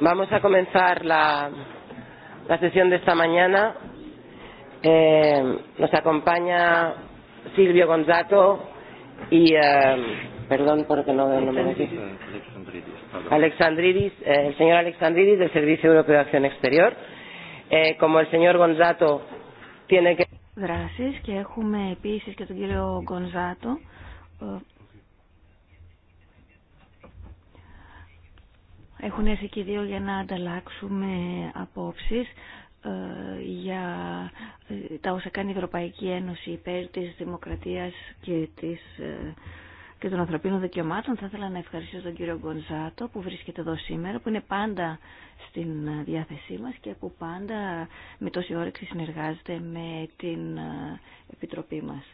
Vamos a comenzar la, la sesión de esta mañana. Eh, nos acompaña Silvio Gonzato y, eh, perdón porque no veo el aquí, Alexandridis, eh, el señor Alexandridis del Servicio Europeo de Acción Exterior. Eh, como el señor Gonzato tiene que... gracias que έχουμε επίση και τον κύριο Gonzato. Έχουν έρθει και δύο για να ανταλλάξουμε απόψεις ε, για ε, τα όσα κάνει η Ευρωπαϊκή Ένωση υπέρ της δημοκρατίας και, της, ε, και των ανθρωπίνων δικαιωμάτων. Θα ήθελα να ευχαριστήσω τον κύριο Γκονζάτο που βρίσκεται εδώ σήμερα, που είναι πάντα στην διάθεσή μας και που πάντα με τόση όρεξη συνεργάζεται με την Επιτροπή μας.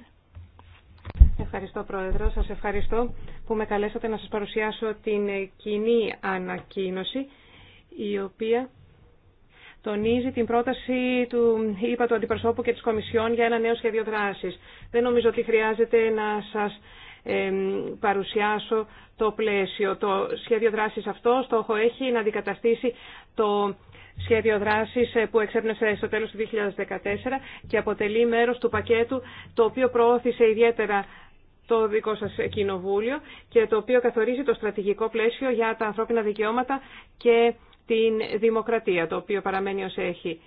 Ευχαριστώ Πρόεδρο. Σας ευχαριστώ που με καλέσατε να σας παρουσιάσω την κοινή ανακοίνωση η οποία τονίζει την πρόταση του είπα του Αντιπροσώπου και της Κομισιόν για ένα νέο σχέδιο δράσης. Δεν νομίζω ότι χρειάζεται να σας παρουσιάσω το πλαίσιο. Το σχέδιο δράσης αυτό στόχο έχει να αντικαταστήσει το σχέδιο δράσης ε, που εξέπνευσε στο τέλος του 2014 και αποτελεί μέρος του πακέτου το οποίο προώθησε ιδιαίτερα το δικό σας κοινοβούλιο και το οποίο καθορίζει το στρατηγικό πλαίσιο για τα ανθρώπινα δικαιώματα και την δημοκρατία, το οποίο παραμένει ως έχει.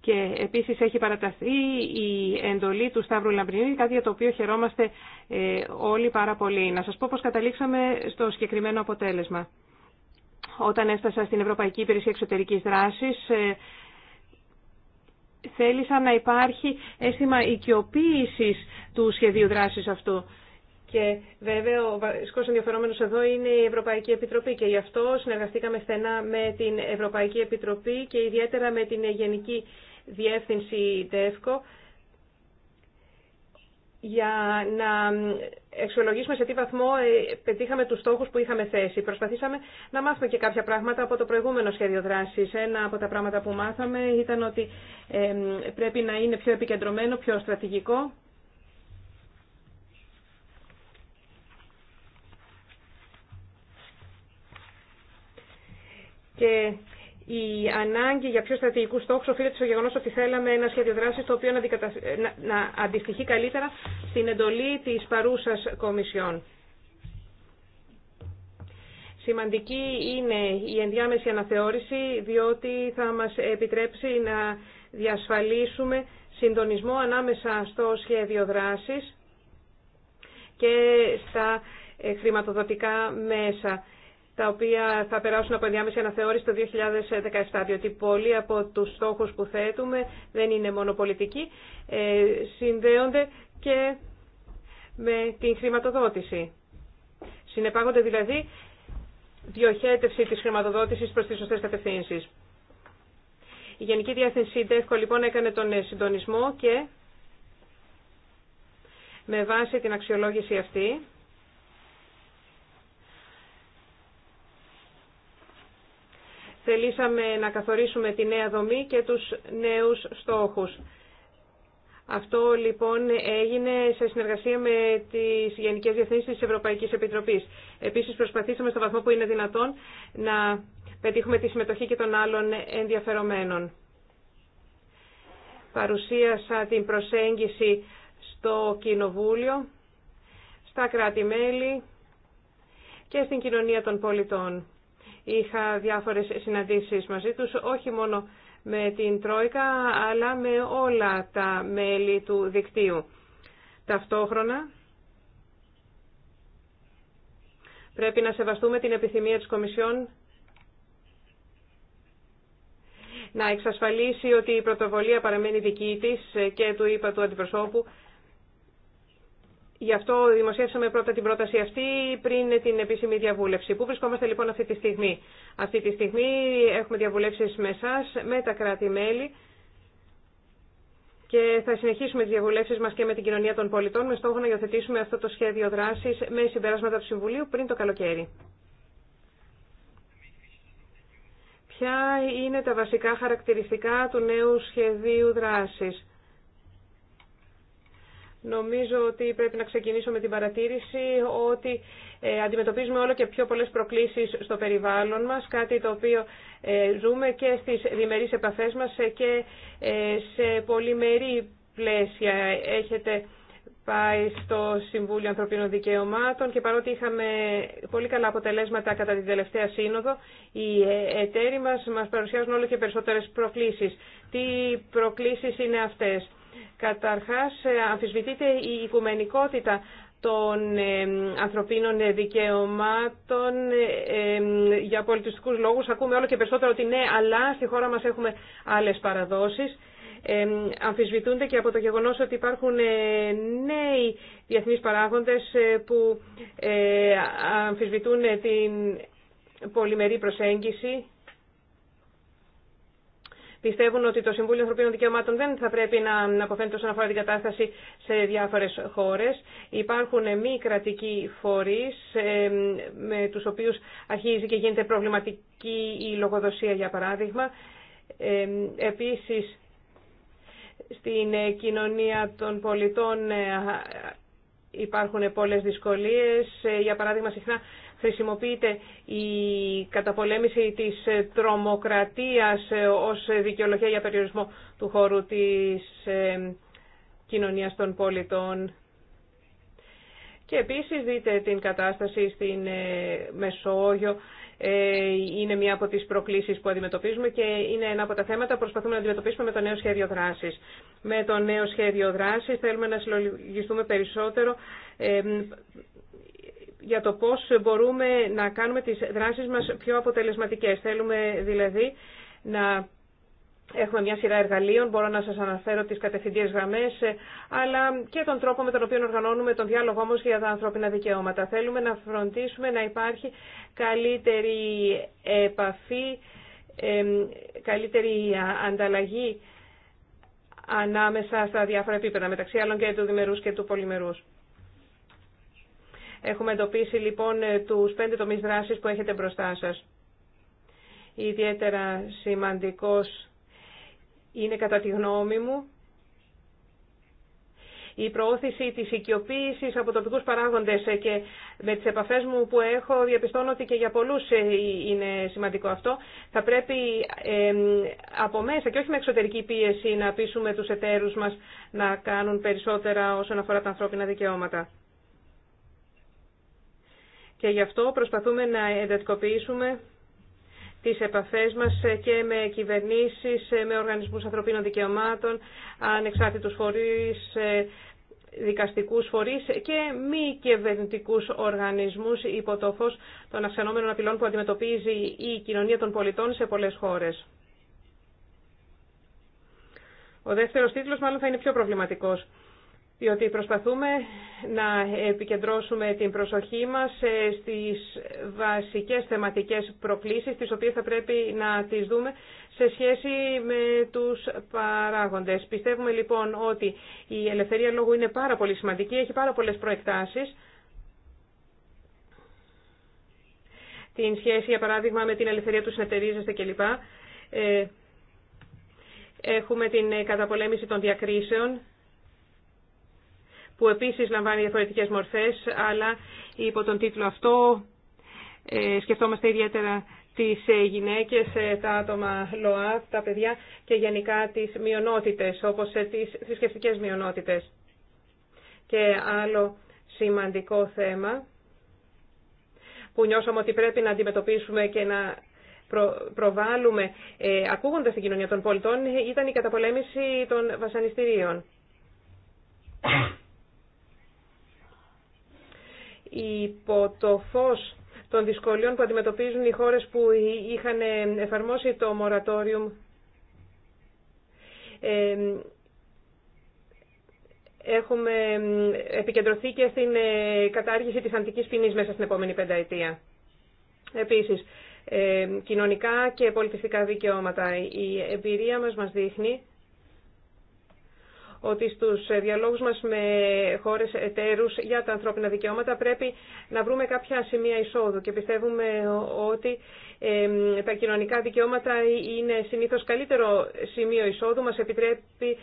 Και επίσης έχει παραταθεί η εντολή του Σταύρου Λαμπρινίου, κάτι για το οποίο χαιρόμαστε ε, όλοι πάρα πολύ. Να σας πω πώς καταλήξαμε στο συγκεκριμένο αποτέλεσμα. Όταν έφτασα στην Ευρωπαϊκή Υπηρεσία Εξωτερικής Δράσης, ε, θέλησα να υπάρχει αίσθημα οικειοποίησης του σχεδίου δράσης αυτού. Και βέβαια ο βασικό ενδιαφερόμενο εδώ είναι η Ευρωπαϊκή Επιτροπή και γι' αυτό συνεργαστήκαμε στενά με την Ευρωπαϊκή Επιτροπή και ιδιαίτερα με την Γενική Διεύθυνση ΤΕΦΚΟ για να εξολογήσουμε σε τι βαθμό ε, πετύχαμε τους στόχους που είχαμε θέσει. Προσπαθήσαμε να μάθουμε και κάποια πράγματα από το προηγούμενο σχέδιο δράσης. Ένα από τα πράγματα που μάθαμε ήταν ότι πρέπει να είναι πιο επικεντρωμένο, πιο στρατηγικό. Και η ανάγκη για πιο στρατηγικού στόχου οφείλεται στο γεγονό ότι θέλαμε ένα σχέδιο δράση το οποίο να αντιστοιχεί καλύτερα στην εντολή τη παρούσα Κομισιόν. Σημαντική είναι η ενδιάμεση αναθεώρηση, διότι θα μας επιτρέψει να διασφαλίσουμε συντονισμό ανάμεσα στο σχέδιο δράσης και στα ε, χρηματοδοτικά μέσα τα οποία θα περάσουν από ενδιάμεση αναθεώρηση το 2017, διότι πολλοί από τους στόχους που θέτουμε δεν είναι μόνο πολιτικοί, ε, συνδέονται και με την χρηματοδότηση. Συνεπάγονται δηλαδή διοχέτευση της χρηματοδότησης προς τις σωστές κατευθύνσεις. Η Γενική Διεύθυνση ΔΕΦΚΟ λοιπόν έκανε τον ε, συντονισμό και με βάση την αξιολόγηση αυτή Θελήσαμε να καθορίσουμε τη νέα δομή και τους νέους στόχους. Αυτό λοιπόν έγινε σε συνεργασία με τις Γενικές διευθύνσει της Ευρωπαϊκής Επιτροπής. Επίσης προσπαθήσαμε στο βαθμό που είναι δυνατόν να πετύχουμε τη συμμετοχή και των άλλων ενδιαφερομένων. Παρουσίασα την προσέγγιση στο Κοινοβούλιο, στα κράτη-μέλη και στην κοινωνία των πολιτών είχα διάφορες συναντήσεις μαζί τους, όχι μόνο με την Τρόικα, αλλά με όλα τα μέλη του δικτύου. Ταυτόχρονα, πρέπει να σεβαστούμε την επιθυμία της Κομισιόν να εξασφαλίσει ότι η πρωτοβολία παραμένει δική της και του είπα του αντιπροσώπου Γι' αυτό δημοσιεύσαμε πρώτα την πρόταση αυτή πριν την επίσημη διαβούλευση. Πού βρισκόμαστε λοιπόν αυτή τη στιγμή. Αυτή τη στιγμή έχουμε διαβουλεύσεις με εσά, με τα κράτη-μέλη και θα συνεχίσουμε τις διαβουλεύσεις μας και με την κοινωνία των πολιτών με στόχο να υιοθετήσουμε αυτό το σχέδιο δράσης με συμπεράσματα του Συμβουλίου πριν το καλοκαίρι. Ποια είναι τα βασικά χαρακτηριστικά του νέου σχεδίου δράσης. Νομίζω ότι πρέπει να ξεκινήσω με την παρατήρηση ότι ε, αντιμετωπίζουμε όλο και πιο πολλές προκλήσεις στο περιβάλλον μας, κάτι το οποίο ε, ζούμε και στις διμερείς επαφές μας ε, και σε πολυμερή πλαίσια. Έχετε πάει στο Συμβούλιο Ανθρωπίνων Δικαιωμάτων και παρότι είχαμε πολύ καλά αποτελέσματα κατά την τελευταία σύνοδο, οι εταίροι μας μας παρουσιάζουν όλο και περισσότερες προκλήσεις. Τι προκλήσεις είναι αυτές. Καταρχάς, ε, αμφισβητείται η οικουμενικότητα των ε, ανθρωπίνων δικαιωμάτων ε, για πολιτιστικούς λόγους. Ακούμε όλο και περισσότερο ότι ναι, αλλά στη χώρα μας έχουμε άλλες παραδόσεις. Αμφισβητούνται και από το γεγονός ότι υπάρχουν νέοι διεθνείς παράγοντες που αμφισβητούν την πολυμερή προσέγγιση πιστεύουν ότι το Συμβούλιο Ανθρωπίνων Δικαιωμάτων δεν θα πρέπει να αποφαίνεται όσον αφορά την κατάσταση σε διάφορες χώρες. Υπάρχουν μη κρατικοί φορείς ε, με τους οποίους αρχίζει και γίνεται προβληματική η λογοδοσία για παράδειγμα. Ε, επίσης, στην κοινωνία των πολιτών ε, υπάρχουν πολλές δυσκολίες. Για παράδειγμα, συχνά χρησιμοποιείται η καταπολέμηση της τρομοκρατίας ε, ως δικαιολογία για περιορισμό του χώρου της ε, κοινωνίας των πολιτών. Και επίσης δείτε την κατάσταση στην ε, Μεσόγειο. Είναι μία από τις προκλήσεις που αντιμετωπίζουμε και είναι ένα από τα θέματα που προσπαθούμε να αντιμετωπίσουμε με το νέο σχέδιο δράσης. Με το νέο σχέδιο δράσης θέλουμε να συλλογιστούμε περισσότερο για το πώς μπορούμε να κάνουμε τις δράσεις μας πιο αποτελεσματικές. Θέλουμε δηλαδή να Έχουμε μια σειρά εργαλείων, μπορώ να σας αναφέρω τις κατευθυντήρες γραμμές, αλλά και τον τρόπο με τον οποίο οργανώνουμε τον διάλογό όμως για τα ανθρώπινα δικαιώματα. Θέλουμε να φροντίσουμε να υπάρχει καλύτερη επαφή, καλύτερη ανταλλαγή ανάμεσα στα διάφορα επίπεδα, μεταξύ άλλων και του διμερούς και του πολυμερούς. Έχουμε εντοπίσει λοιπόν τους πέντε τομείς δράσης που έχετε μπροστά σας. Ιδιαίτερα σημαντικός είναι κατά τη γνώμη μου η προώθηση της οικειοποίησης από τοπικούς παράγοντες και με τις επαφές μου που έχω διαπιστώνω ότι και για πολλούς ε, είναι σημαντικό αυτό. Θα πρέπει από μέσα και όχι με εξωτερική πίεση να πείσουμε τους εταίρους μας να κάνουν περισσότερα όσον αφορά τα ανθρώπινα δικαιώματα και γι' αυτό προσπαθούμε να εντατικοποιήσουμε τις επαφές μας και με κυβερνήσεις, με οργανισμούς ανθρωπίνων δικαιωμάτων, ανεξάρτητους φορείς, δικαστικούς φορείς και μη κυβερνητικού οργανισμούς υπό το φως των αυξανόμενων απειλών που αντιμετωπίζει η κοινωνία των πολιτών σε πολλές χώρες. Ο δεύτερος τίτλος μάλλον θα είναι πιο προβληματικός διότι προσπαθούμε να επικεντρώσουμε την προσοχή μας ε, στις βασικές θεματικές προκλήσεις, τις οποίες θα πρέπει να τις δούμε σε σχέση με τους παράγοντες. Πιστεύουμε λοιπόν ότι η ελευθερία λόγου είναι πάρα πολύ σημαντική, έχει πάρα πολλές προεκτάσεις. Την σχέση, για παράδειγμα, με την ελευθερία του συνεταιρίζεστε κλπ. Ε, έχουμε την καταπολέμηση των διακρίσεων, που επίσης λαμβάνει διαφορετικές μορφές, αλλά υπό τον τίτλο αυτό ε, σκεφτόμαστε ιδιαίτερα τις ε, γυναίκες, ε, τα άτομα ΛΟΑ, τα παιδιά και γενικά τις μειονότητες, όπως τις θρησκευτικέ μειονότητες. Και άλλο σημαντικό θέμα που νιώσαμε ότι πρέπει να αντιμετωπίσουμε και να προ, προβάλλουμε ε, ακούγοντας την κοινωνία των πολιτών ήταν η καταπολέμηση των βασανιστήριων υπό το φως των δυσκολιών που αντιμετωπίζουν οι χώρες που είχαν εφαρμόσει το μορατόριουμ έχουμε επικεντρωθεί και στην ε, κατάργηση της αντικής ποινής μέσα στην επόμενη πενταετία. Επίσης, ε, κοινωνικά και πολιτιστικά δικαιώματα. Η εμπειρία μας μας δείχνει ότι στους διαλόγους μας με χώρες εταίρους για τα ανθρώπινα δικαιώματα πρέπει να βρούμε κάποια σημεία εισόδου και πιστεύουμε ότι τα κοινωνικά δικαιώματα είναι συνήθως καλύτερο σημείο εισόδου, μας επιτρέπει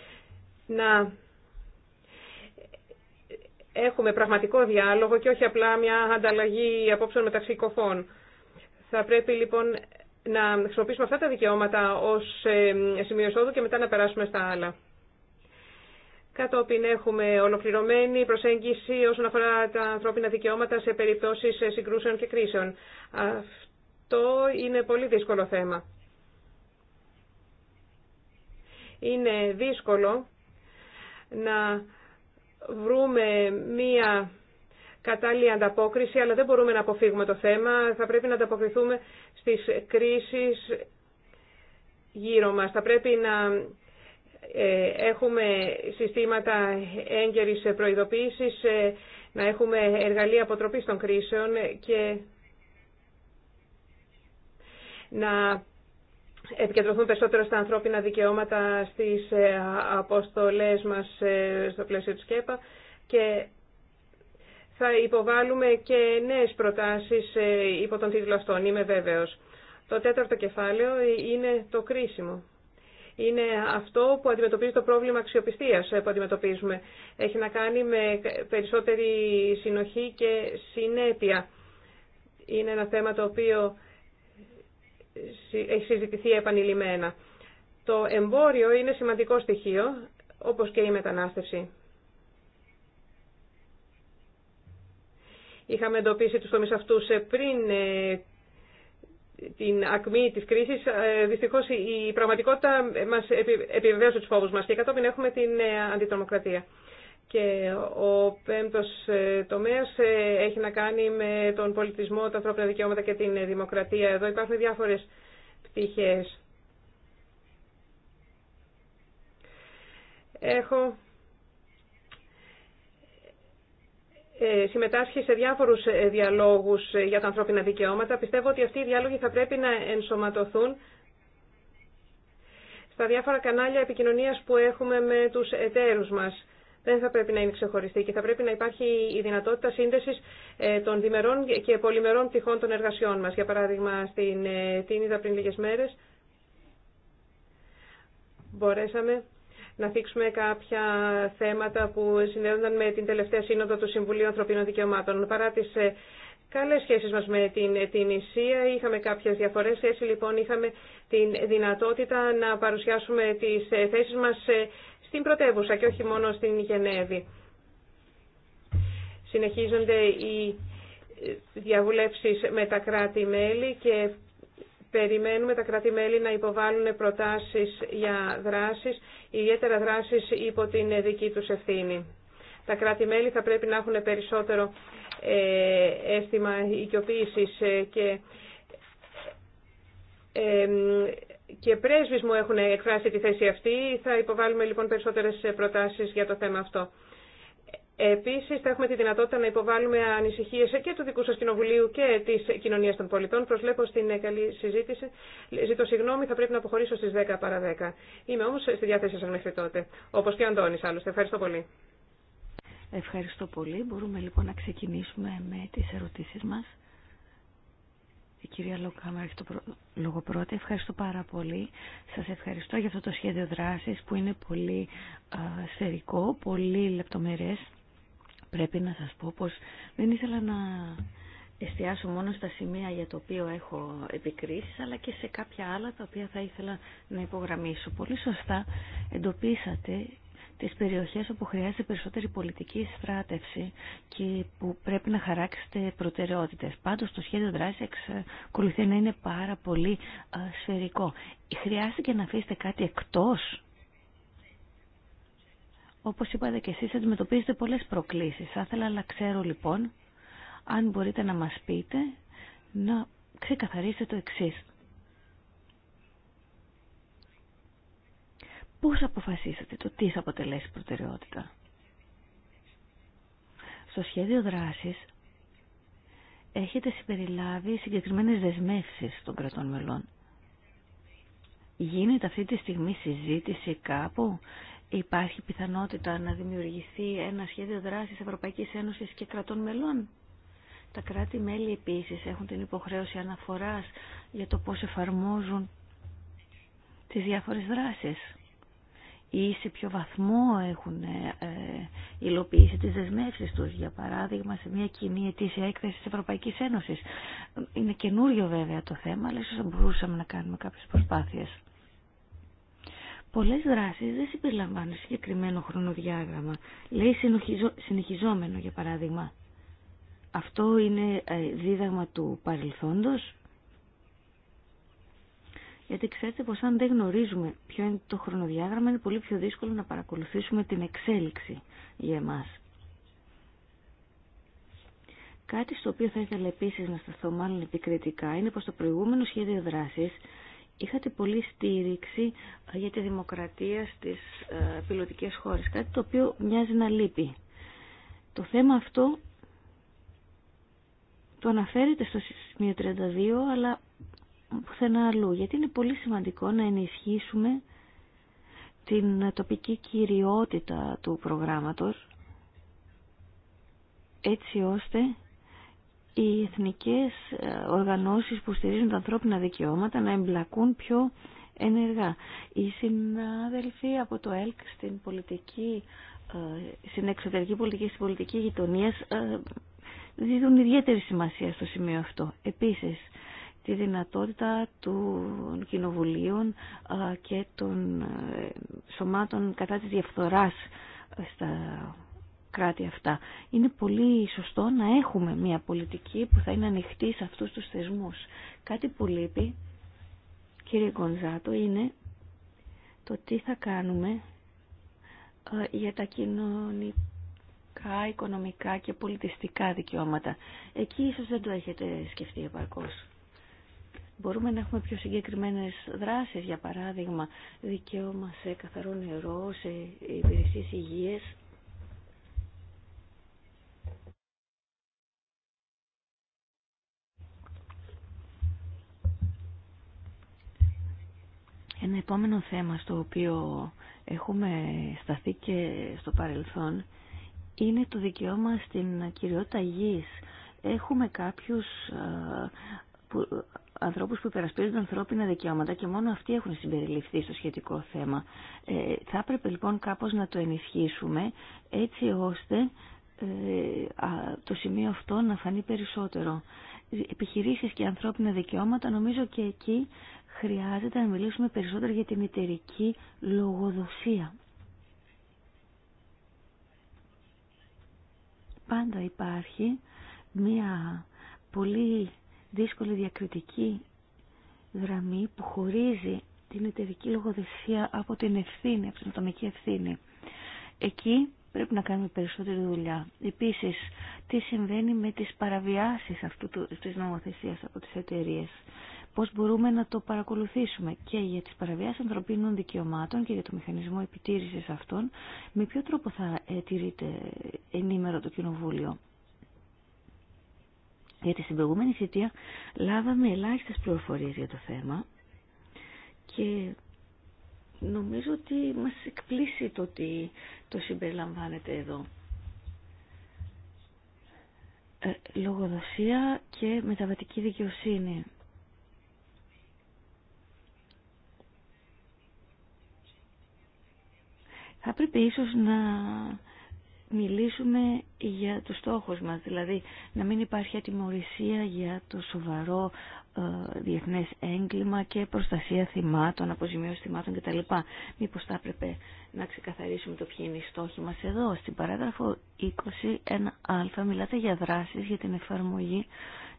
να έχουμε πραγματικό διάλογο και όχι απλά μια ανταλλαγή απόψεων μεταξύ κοφών. Θα πρέπει λοιπόν να χρησιμοποιήσουμε αυτά τα δικαιώματα ως σημείο εισόδου και μετά να περάσουμε στα άλλα. Κατόπιν έχουμε ολοκληρωμένη προσέγγιση όσον αφορά τα ανθρώπινα δικαιώματα σε περιπτώσεις συγκρούσεων και κρίσεων. Αυτό είναι πολύ δύσκολο θέμα. Είναι δύσκολο να βρούμε μία κατάλληλη ανταπόκριση, αλλά δεν μπορούμε να αποφύγουμε το θέμα. Θα πρέπει να ανταποκριθούμε στις κρίσεις γύρω μας. Θα πρέπει να ε, έχουμε συστήματα έγκαιρης προειδοποίησης, ε, να έχουμε εργαλεία αποτροπής των κρίσεων και να επικεντρωθούν περισσότερο στα ανθρώπινα δικαιώματα στις ε, αποστολές μας στο πλαίσιο της ΚΕΠΑ και θα υποβάλουμε και νέες προτάσεις υπό τον τίτλο αυτόν, είμαι βέβαιος. Το τέταρτο κεφάλαιο είναι το κρίσιμο είναι αυτό που αντιμετωπίζει το πρόβλημα αξιοπιστία που αντιμετωπίζουμε. Έχει να κάνει με περισσότερη συνοχή και συνέπεια. Είναι ένα θέμα το οποίο έχει συζητηθεί επανειλημμένα. Το εμπόριο είναι σημαντικό στοιχείο, όπως και η μετανάστευση. Είχαμε εντοπίσει τους τομείς αυτούς ε, πριν ε, την ακμή τη κρίση. Ε, Δυστυχώ η πραγματικότητα μας επιβεβαίωσε του φόβου μας και κατόπιν έχουμε την ε, αντιτρομοκρατία. Και ο πέμπτος ε, τομέα έχει να κάνει με τον πολιτισμό, τα ανθρώπινα δικαιώματα και την δημοκρατία. Εδώ υπάρχουν διάφορες πτυχές. Έχω Ε, συμμετάσχει σε διάφορους ε, διαλόγους ε, για τα ανθρώπινα δικαιώματα. Πιστεύω ότι αυτοί οι διάλογοι θα πρέπει να ενσωματωθούν στα διάφορα κανάλια επικοινωνίας που έχουμε με τους εταίρους μας. Δεν θα πρέπει να είναι ξεχωριστή και θα πρέπει να υπάρχει η δυνατότητα σύνδεσης των διμερών και πολυμερών πτυχών των εργασιών μας. Για παράδειγμα, στην Τίνιδα πριν λίγες μέρες μπορέσαμε να θίξουμε κάποια θέματα που συνδέονταν με την τελευταία σύνοδο του Συμβουλίου Ανθρωπίνων Δικαιωμάτων. Παρά τις ε, καλές σχέσεις μας με την, ε, την Ισία, είχαμε κάποιε διαφορές. Έτσι λοιπόν είχαμε τη δυνατότητα να παρουσιάσουμε τις ε, θέσεις μας στην πρωτεύουσα και όχι μόνο στην Γενέβη. Συνεχίζονται οι διαβουλεύσεις με τα κράτη-μέλη και Περιμένουμε τα κράτη-μέλη να υποβάλουν προτάσεις για δράσεις, ιδιαίτερα δράσεις υπό την δική τους ευθύνη. Τα κράτη-μέλη θα πρέπει να έχουν περισσότερο ε, αίσθημα οικειοποίησης ε, και ε, και πρέσβεις μου έχουν εκφράσει τη θέση αυτή. Θα υποβάλουμε λοιπόν περισσότερες προτάσεις για το θέμα αυτό. Επίση, θα έχουμε τη δυνατότητα να υποβάλουμε ανησυχίε και του δικού σα κοινοβουλίου και τη κοινωνία των πολιτών. Προσλέπω στην καλή συζήτηση. Ζητώ συγγνώμη, θα πρέπει να αποχωρήσω στι 10 παρα 10. Είμαι όμω στη διάθεσή σα μέχρι τότε. όπω και ο Αντώνη, άλλωστε. Ευχαριστώ πολύ. Ευχαριστώ πολύ. Μπορούμε λοιπόν να ξεκινήσουμε με τι ερωτήσει μα, Η κυρία Λοκάμα έχει το λόγο πρώτη. Ευχαριστώ πάρα πολύ. Σας ευχαριστώ για αυτό το σχέδιο δράσης που είναι πολύ σφαιρικό, πολύ λεπτομερές πρέπει να σας πω πως δεν ήθελα να εστιάσω μόνο στα σημεία για το οποίο έχω επικρίσεις, αλλά και σε κάποια άλλα τα οποία θα ήθελα να υπογραμμίσω. Πολύ σωστά εντοπίσατε τις περιοχές όπου χρειάζεται περισσότερη πολιτική στράτευση και που πρέπει να χαράξετε προτεραιότητες. Πάντως το σχέδιο δράση εξακολουθεί να είναι πάρα πολύ σφαιρικό. Χρειάστηκε να αφήσετε κάτι εκτός όπως είπατε και εσείς αντιμετωπίζετε πολλές προκλήσεις. Θα ήθελα να ξέρω λοιπόν αν μπορείτε να μας πείτε να ξεκαθαρίσετε το εξής. Πώς αποφασίσατε το τι θα αποτελέσει προτεραιότητα. Στο σχέδιο δράσης έχετε συμπεριλάβει συγκεκριμένες δεσμεύσεις των κρατών μελών. Γίνεται αυτή τη στιγμή συζήτηση κάπου Υπάρχει πιθανότητα να δημιουργηθεί ένα σχέδιο δράσης Ευρωπαϊκής Ένωσης και κρατών μελών. Τα κράτη-μέλη επίσης έχουν την υποχρέωση αναφοράς για το πώς εφαρμόζουν τις διάφορες δράσεις ή σε ποιο βαθμό έχουν ε, ε, υλοποιήσει τις δεσμεύσεις τους, για παράδειγμα σε μια κοινή ετήσια έκθεση της Ευρωπαϊκής Ένωσης. Είναι καινούριο βέβαια το θέμα, αλλά ίσως μπορούσαμε να κάνουμε κάποιες προσπάθειες. Πολλέ δράσεις δεν συμπεριλαμβάνουν συγκεκριμένο χρονοδιάγραμμα. Λέει συνεχιζόμενο, για παράδειγμα. Αυτό είναι ε, δίδαγμα του παρελθόντος. Γιατί ξέρετε πως αν δεν γνωρίζουμε ποιο είναι το χρονοδιάγραμμα, είναι πολύ πιο δύσκολο να παρακολουθήσουμε την εξέλιξη για εμάς. Κάτι στο οποίο θα ήθελα επίσης να σταθώ μάλλον επικριτικά είναι πως το προηγούμενο σχέδιο δράσης είχατε πολλή στήριξη ε, για τη δημοκρατία στις ε, πιλωτικές χώρες, κάτι το οποίο μοιάζει να λείπει. Το θέμα αυτό το αναφέρεται στο σημείο 32, αλλά πουθενά αλλού, γιατί είναι πολύ σημαντικό να ενισχύσουμε την τοπική κυριότητα του προγράμματος, έτσι ώστε οι εθνικές ε, οργανώσεις που στηρίζουν τα ανθρώπινα δικαιώματα να εμπλακούν πιο ενεργά. Οι συνάδελφοι από το ΕΛΚ στην πολιτική, ε, στην εξωτερική πολιτική, στην πολιτική γειτονία ε, δίδουν ιδιαίτερη σημασία στο σημείο αυτό. Επίσης, τη δυνατότητα των κοινοβουλίων και των σωμάτων κατά της διαφθοράς στα κράτη αυτά. Είναι πολύ σωστό να έχουμε μια πολιτική που θα είναι ανοιχτή σε αυτούς τους θεσμούς. Κάτι που λείπει, κύριε Γκονζάτο, είναι το τι θα κάνουμε ε, για τα κοινωνικά οικονομικά και πολιτιστικά δικαιώματα. Εκεί ίσως δεν το έχετε σκεφτεί επαρκώς. Μπορούμε να έχουμε πιο συγκεκριμένες δράσεις, για παράδειγμα, δικαίωμα σε καθαρό νερό, σε υπηρεσίες υγείας, Ένα επόμενο θέμα στο οποίο έχουμε σταθεί και στο παρελθόν είναι το δικαίωμα στην κυριότητα γης. Έχουμε κάποιους ε, που, ανθρώπους που υπερασπίζονται ανθρώπινα δικαιώματα και μόνο αυτοί έχουν συμπεριληφθεί στο σχετικό θέμα. Ε, θα έπρεπε λοιπόν κάπως να το ενισχύσουμε έτσι ώστε ε, το σημείο αυτό να φανεί περισσότερο. Ε, επιχειρήσεις και ανθρώπινα δικαιώματα νομίζω και εκεί χρειάζεται να μιλήσουμε περισσότερο για την εταιρική λογοδοσία. Πάντα υπάρχει μία πολύ δύσκολη διακριτική γραμμή που χωρίζει την εταιρική λογοδοσία από την ευθύνη, από την ατομική ευθύνη. Εκεί πρέπει να κάνουμε περισσότερη δουλειά. Επίσης, τι συμβαίνει με τις παραβιάσεις αυτού του, της νομοθεσίας από τις εταιρείε πώς μπορούμε να το παρακολουθήσουμε και για τις παραβιάσεις ανθρωπίνων δικαιωμάτων και για το μηχανισμό επιτήρησης αυτών, με ποιο τρόπο θα ε, τηρείται ενήμερο το Κοινοβούλιο. Γιατί στην προηγούμενη θητεία λάβαμε ελάχιστες πληροφορίες για το θέμα και νομίζω ότι μας εκπλήσει το ότι το συμπεριλαμβάνεται εδώ. Ε, λογοδοσία και μεταβατική δικαιοσύνη. Θα πρέπει ίσως να μιλήσουμε για τους στόχους μας, δηλαδή να μην υπάρχει ατιμορρησία για το σοβαρό ε, διεθνές έγκλημα και προστασία θυμάτων, αποζημίωση θυμάτων κτλ. Μήπως θα έπρεπε να ξεκαθαρίσουμε το ποιοι είναι οι στόχοι μας εδώ. Στην παράγραφο 21α μιλάτε για δράσεις για την εφαρμογή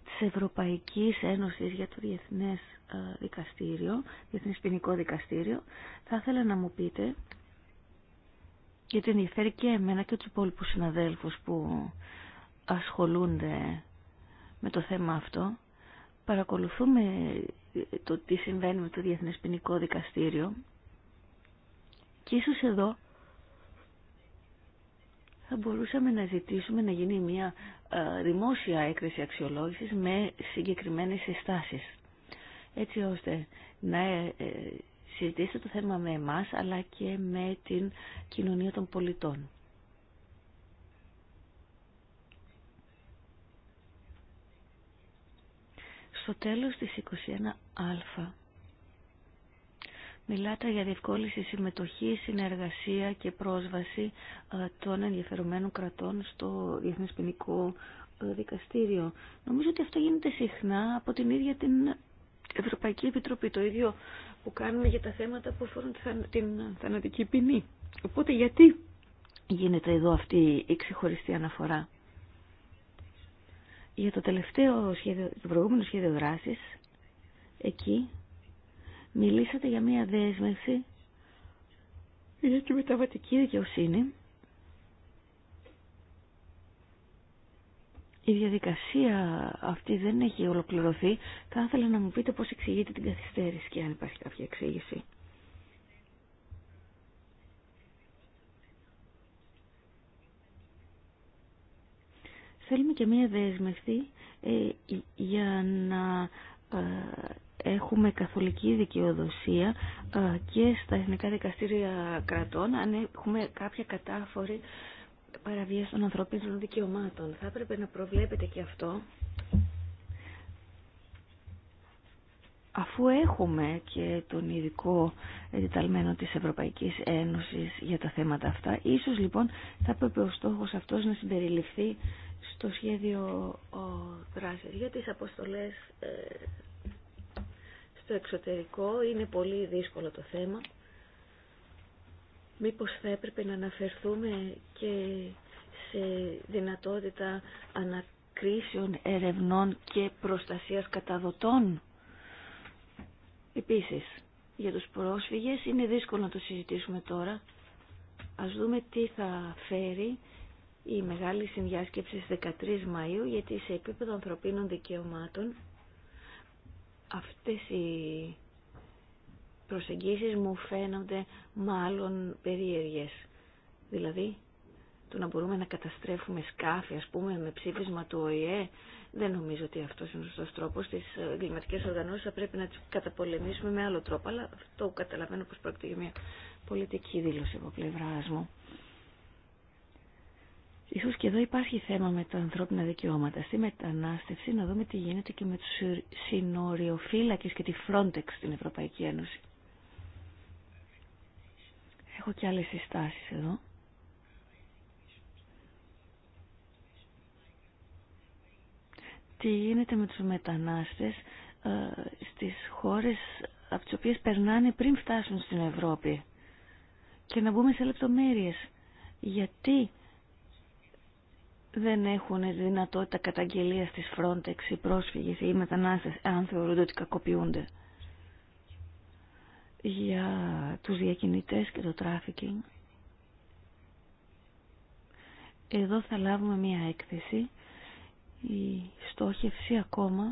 της Ευρωπαϊκής Ένωσης για το Διεθνές ε, Δικαστήριο, Διεθνές Ποινικό Δικαστήριο. Θα ήθελα να μου πείτε γιατί ενδιαφέρει και εμένα και τους υπόλοιπους συναδέλφους που ασχολούνται με το θέμα αυτό. Παρακολουθούμε το τι συμβαίνει με το Διεθνές Ποινικό Δικαστήριο και ίσως εδώ θα μπορούσαμε να ζητήσουμε να γίνει μια δημόσια έκθεση αξιολόγησης με συγκεκριμένες συστάσεις έτσι ώστε να ε, συζητήσετε το θέμα με εμάς αλλά και με την κοινωνία των πολιτών. Στο τέλος της 21α μιλάτε για διευκόλυνση συμμετοχή, συνεργασία και πρόσβαση ε, των ενδιαφερομένων κρατών στο Διεθνές Ποινικό ε, Δικαστήριο. Νομίζω ότι αυτό γίνεται συχνά από την ίδια την Ευρωπαϊκή Επιτροπή. Το ίδιο που κάνουμε για τα θέματα που αφορούν την θανατική ποινή. Οπότε γιατί γίνεται εδώ αυτή η ξεχωριστή αναφορά. Για το τελευταίο σχέδιο, το προηγούμενο σχέδιο δράσης, εκεί μιλήσατε για μία δέσμευση για τη μεταβατική δικαιοσύνη η διαδικασία αυτή δεν έχει ολοκληρωθεί. Θα ήθελα να μου πείτε πώς εξηγείτε την καθυστέρηση και αν υπάρχει κάποια εξήγηση. Θέλουμε και μία δέσμευτη ε, για να ε, έχουμε καθολική δικαιοδοσία ε, και στα εθνικά δικαστήρια κρατών αν έχουμε κάποια κατάφορη παραβίαση των ανθρωπίνων δικαιωμάτων. Θα έπρεπε να προβλέπετε και αυτό αφού έχουμε και τον ειδικό εντεταλμένο της Ευρωπαϊκής Ένωσης για τα θέματα αυτά, ίσως λοιπόν θα έπρεπε ο στόχος αυτός να συμπεριληφθεί στο σχέδιο δράσης για τις αποστολές ε, στο εξωτερικό. Είναι πολύ δύσκολο το θέμα. Μήπως θα έπρεπε να αναφερθούμε και σε δυνατότητα ανακρίσεων, ερευνών και προστασίας καταδοτών. Επίσης, για τους πρόσφυγες είναι δύσκολο να το συζητήσουμε τώρα. Ας δούμε τι θα φέρει η μεγάλη συνδιάσκεψη στις 13 Μαΐου, γιατί σε επίπεδο ανθρωπίνων δικαιωμάτων αυτές οι προσεγγίσεις μου φαίνονται μάλλον περίεργες. Δηλαδή, το να μπορούμε να καταστρέφουμε σκάφη, ας πούμε, με ψήφισμα του ΟΗΕ, δεν νομίζω ότι αυτός είναι ο σωστός τρόπος. Τις εγκληματικές οργανώσεις θα πρέπει να τις καταπολεμήσουμε με άλλο τρόπο, αλλά αυτό καταλαβαίνω πως πρόκειται για μια πολιτική δήλωση από πλευρά μου. Ίσως και εδώ υπάρχει θέμα με τα ανθρώπινα δικαιώματα. Στη μετανάστευση να δούμε τι γίνεται και με τους συνοριοφύλακες και τη Frontex στην Ευρωπαϊκή Ένωση. Έχω και άλλες συστάσεις εδώ. Τι γίνεται με τους μετανάστες ε, στις χώρες από τις οποίες περνάνε πριν φτάσουν στην Ευρώπη. Και να μπούμε σε λεπτομέρειες. Γιατί δεν έχουν δυνατότητα καταγγελίας της Frontex οι πρόσφυγες ή οι μετανάστες αν θεωρούνται ότι κακοποιούνται για τους διακινητές και το τράφικινγκ. Εδώ θα λάβουμε μία έκθεση. Η στόχευση ακόμα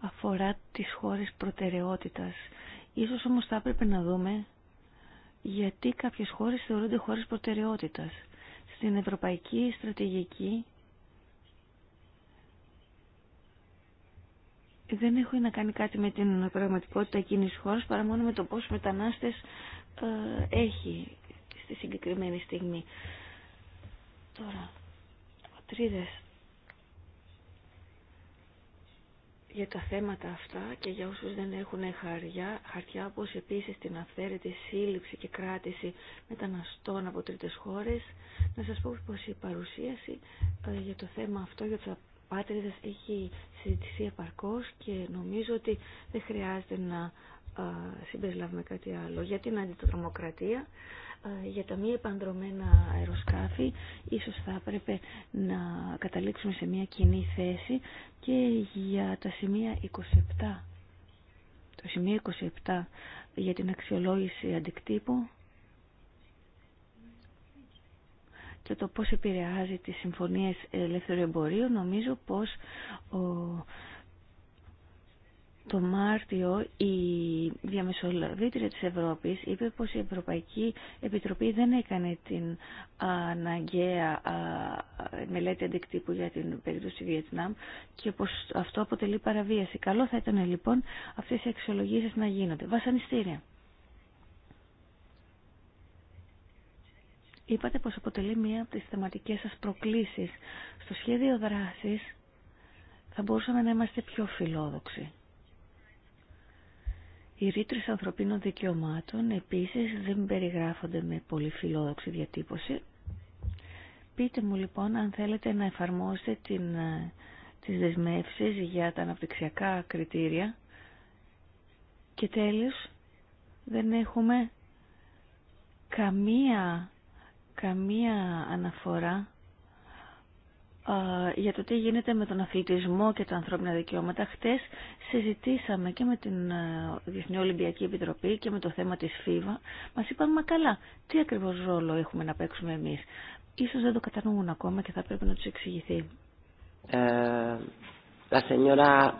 αφορά τις χώρες προτεραιότητας. Ίσως όμως θα έπρεπε να δούμε γιατί κάποιες χώρες θεωρούνται χώρες προτεραιότητας. Στην Ευρωπαϊκή Στρατηγική δεν έχω να κάνει κάτι με την πραγματικότητα εκείνης της χώρας παρά μόνο με το πόσο μετανάστες ε, έχει στη συγκεκριμένη στιγμή. Τώρα, Τρίδες. για τα θέματα αυτά και για όσους δεν έχουν χαριά, χαρτιά όπως επίσης την αυθαίρετη σύλληψη και κράτηση μεταναστών από τρίτες χώρες, να σας πω πως η παρουσίαση ε, για το θέμα αυτό, για τα πάτριδας έχει συζητηθεί επαρκώς και νομίζω ότι δεν χρειάζεται να ε, συμπεριλάβουμε κάτι άλλο. Για την αντιτρομοκρατία, ε, για τα μη επανδρομένα αεροσκάφη, ίσως θα έπρεπε να καταλήξουμε σε μια κοινή θέση και για τα σημεία 27. Το σημείο 27 για την αξιολόγηση αντικτύπου και το πώς επηρεάζει τις συμφωνίες ελεύθερου εμπορίου νομίζω πως το Μάρτιο η διαμεσολαβήτρια της Ευρώπης είπε πως η Ευρωπαϊκή Επιτροπή δεν έκανε την αναγκαία μελέτη αντικτύπου για την περίπτωση Βιετνάμ και πως αυτό αποτελεί παραβίαση. Καλό θα ήταν λοιπόν αυτές οι αξιολογήσεις να γίνονται. Βασανιστήρια. είπατε πως αποτελεί μία από τις θεματικές σας προκλήσεις. Στο σχέδιο δράσης θα μπορούσαμε να είμαστε πιο φιλόδοξοι. Οι ρήτρες ανθρωπίνων δικαιωμάτων επίσης δεν περιγράφονται με πολύ φιλόδοξη διατύπωση. Πείτε μου λοιπόν αν θέλετε να εφαρμόσετε την, ε, τις δεσμεύσεις για τα αναπτυξιακά κριτήρια και τέλος δεν έχουμε καμία καμία αναφορά για το τι γίνεται με τον αθλητισμό και τα ανθρώπινα δικαιώματα. Χτες συζητήσαμε και με την Διεθνή Ολυμπιακή Επιτροπή και με το θέμα της ΦΥΒΑ. Μας είπαν, μα καλά, τι ακριβώς ρόλο έχουμε να παίξουμε εμείς. Ίσως δεν το κατανοούν ακόμα και θα πρέπει να τους εξηγηθεί. Ε, señora...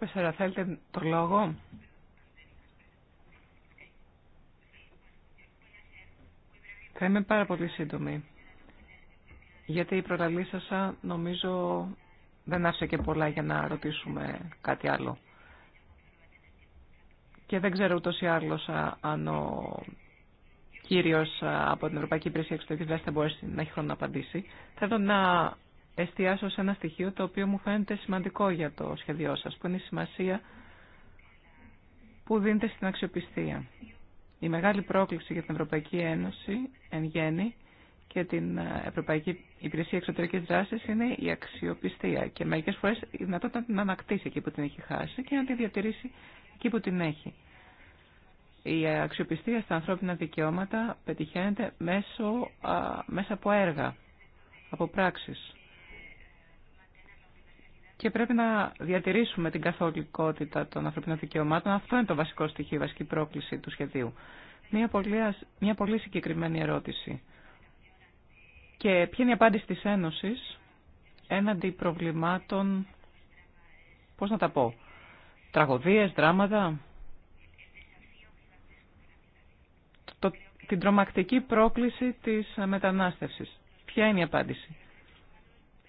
Πεσέρα, θέλετε το λόγο. Θα είμαι πάρα πολύ σύντομη. Γιατί η προλαλήσασα νομίζω δεν άφησε και πολλά για να ρωτήσουμε κάτι άλλο. Και δεν ξέρω ούτως ή άλλως αν ο κύριος από την Ευρωπαϊκή Υπηρεσία Εξωτερικής θα μπορέσει να έχει χρόνο να απαντήσει. Θέλω να εστιάσω σε ένα στοιχείο το οποίο μου φαίνεται σημαντικό για το σχέδιό σας, που είναι η σημασία που δίνεται στην αξιοπιστία. Η μεγάλη πρόκληση για την Ευρωπαϊκή Ένωση εν γέννη και την ε, Ευρωπαϊκή Υπηρεσία Εξωτερική Δράση είναι η αξιοπιστία και μερικέ φορέ η δυνατότητα να την ανακτήσει εκεί που την έχει χάσει και να τη διατηρήσει εκεί που την έχει. Η αξιοπιστία στα ανθρώπινα δικαιώματα πετυχαίνεται μέσω, α, μέσα από έργα, από πράξεις και πρέπει να διατηρήσουμε την καθολικότητα των ανθρωπίνων δικαιωμάτων. Αυτό είναι το βασικό στοιχείο, η βασική πρόκληση του σχεδίου. Μια πολύ, μια πολύ συγκεκριμένη ερώτηση. Και ποια είναι η απάντηση της Ένωσης έναντι προβλημάτων, πώς να τα πω, τραγωδίες, δράματα. Το, την τρομακτική πρόκληση της μετανάστευσης. Ποια είναι η απάντηση.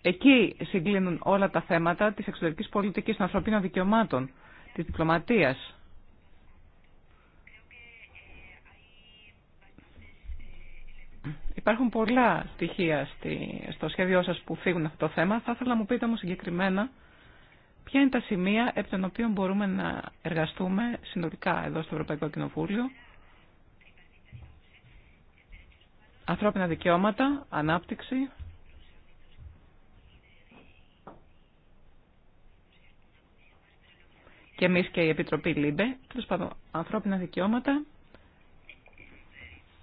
Εκεί συγκλίνουν όλα τα θέματα της εξωτερικής πολιτικής των ανθρωπίνων δικαιωμάτων, της διπλωματίας. Υπάρχουν πολλά στοιχεία στο σχέδιό σας που φύγουν αυτό το θέμα. Θα ήθελα να μου πείτε όμως συγκεκριμένα ποια είναι τα σημεία επί των οποίων μπορούμε να εργαστούμε συνολικά εδώ στο Ευρωπαϊκό Κοινοβούλιο. Ανθρώπινα δικαιώματα, ανάπτυξη, και εμείς και η Επιτροπή ΛΥΜΠΕ, τέλος πάντων ανθρώπινα δικαιώματα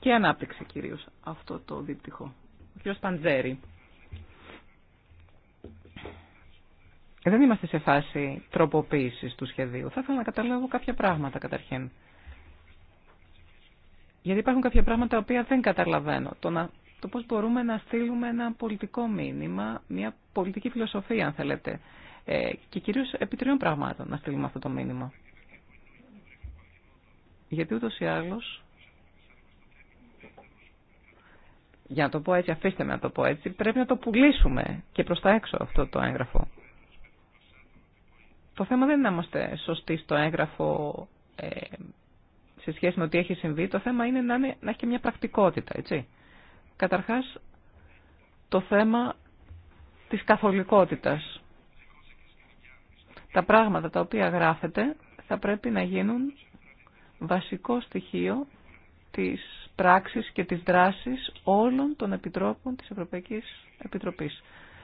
και ανάπτυξη κυρίως αυτό το δίπτυχο. Ο κ. Παντζέρη. Δεν είμαστε σε φάση τροποποίησης του σχεδίου. Θα ήθελα να καταλάβω κάποια πράγματα καταρχήν. Γιατί υπάρχουν κάποια πράγματα τα οποία δεν καταλαβαίνω. Το, να, το πώς μπορούμε να στείλουμε ένα πολιτικό μήνυμα, μια πολιτική φιλοσοφία αν θέλετε, ε, και κυρίω επί τριών πραγμάτων να στείλουμε αυτό το μήνυμα. Γιατί ούτως ή άλλως, για να το πω έτσι, αφήστε με να το πω έτσι, πρέπει να το πουλήσουμε και προ τα έξω αυτό το έγγραφο. Το θέμα δεν είναι να είμαστε σωστοί στο έγγραφο ε, σε σχέση με ό,τι έχει συμβεί. Το θέμα είναι να, να έχει και μια πρακτικότητα, έτσι. Καταρχάς, το θέμα της καθολικότητας τα πράγματα τα οποία γράφεται θα πρέπει να γίνουν βασικό στοιχείο της πράξης και της δράσης όλων των επιτρόπων της Ευρωπαϊκής Επιτροπής.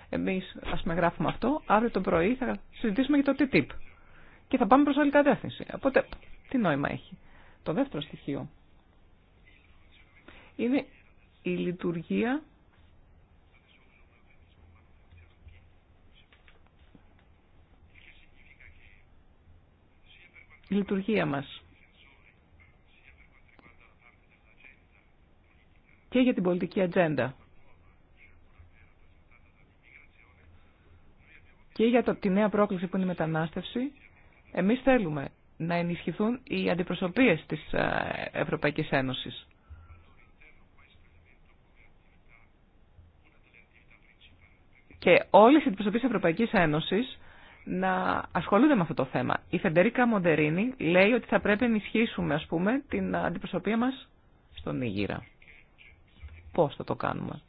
Εμείς, ας με γράφουμε αυτό, αύριο το πρωί θα συζητήσουμε για το TTIP και θα πάμε προς άλλη κατεύθυνση. Οπότε, τι νόημα έχει. Το δεύτερο στοιχείο είναι η λειτουργία η λειτουργία μας. Και για την πολιτική ατζέντα. Και για το, τη νέα πρόκληση που είναι η μετανάστευση, εμείς θέλουμε να ενισχυθούν οι αντιπροσωπείες της ε, Ευρωπαϊκής Ένωσης. Και όλες οι αντιπροσωπείες της Ευρωπαϊκής Ένωσης να ασχολούνται με αυτό το θέμα. Η Φεντερίκα Μοντερίνη λέει ότι θα πρέπει να ενισχύσουμε, ας πούμε, την αντιπροσωπεία μας στον Ήγηρα. Πώς θα το κάνουμε.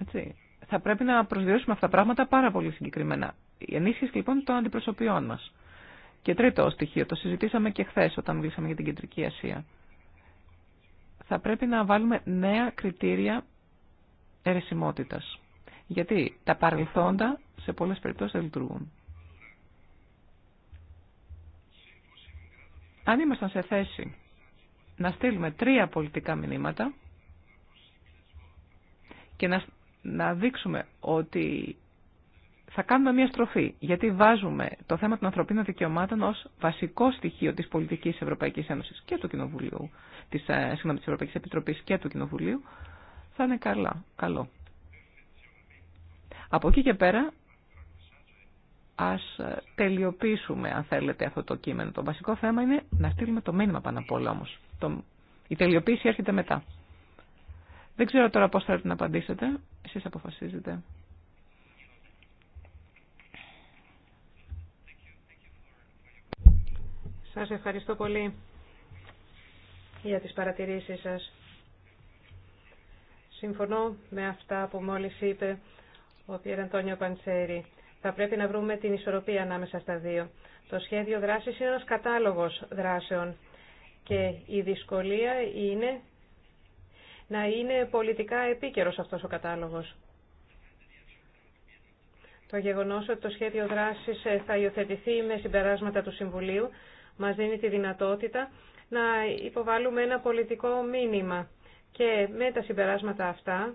Έτσι. Θα πρέπει να προσδιορίσουμε αυτά τα πράγματα πάρα πολύ συγκεκριμένα. Η ενίσχυση λοιπόν των αντιπροσωπιών μας. Και τρίτο στοιχείο, το συζητήσαμε και χθε όταν μιλήσαμε για την Κεντρική Ασία. Θα πρέπει να βάλουμε νέα κριτήρια ερεσιμότητας. Γιατί τα παρελθόντα σε πολλές περιπτώσεις δεν λειτουργούν. Αν ήμασταν σε θέση να στείλουμε τρία πολιτικά μηνύματα και να, να δείξουμε ότι θα κάνουμε μια στροφή, γιατί βάζουμε το θέμα των ανθρωπίνων δικαιωμάτων ως βασικό στοιχείο της πολιτικής Ευρωπαϊκής Ένωσης και του Κοινοβουλίου, της, ε, της Ευρωπαϊκής Επιτροπής και του Κοινοβουλίου, θα είναι καλά, καλό. Από εκεί και πέρα ας ε, τελειοποιήσουμε αν θέλετε αυτό το κείμενο. Το βασικό θέμα είναι να στείλουμε το μήνυμα πάνω απ' όλα όμως. Το... Η τελειοποίηση έρχεται μετά. Δεν ξέρω τώρα πώς θέλετε να απαντήσετε. Εσείς αποφασίζετε. Σας ευχαριστώ πολύ για τις παρατηρήσεις σας. Συμφωνώ με αυτά που μόλις είπε ο Πιερ Αντώνιο Παντσέρη. Θα πρέπει να βρούμε την ισορροπία ανάμεσα στα δύο. Το σχέδιο δράσης είναι ένας κατάλογος δράσεων και η δυσκολία είναι να είναι πολιτικά επίκαιρος αυτός ο κατάλογος. Το γεγονός ότι το σχέδιο δράσης ε, θα υιοθετηθεί με συμπεράσματα του Συμβουλίου μας δίνει τη δυνατότητα να υποβάλουμε ένα πολιτικό μήνυμα. Και με τα συμπεράσματα αυτά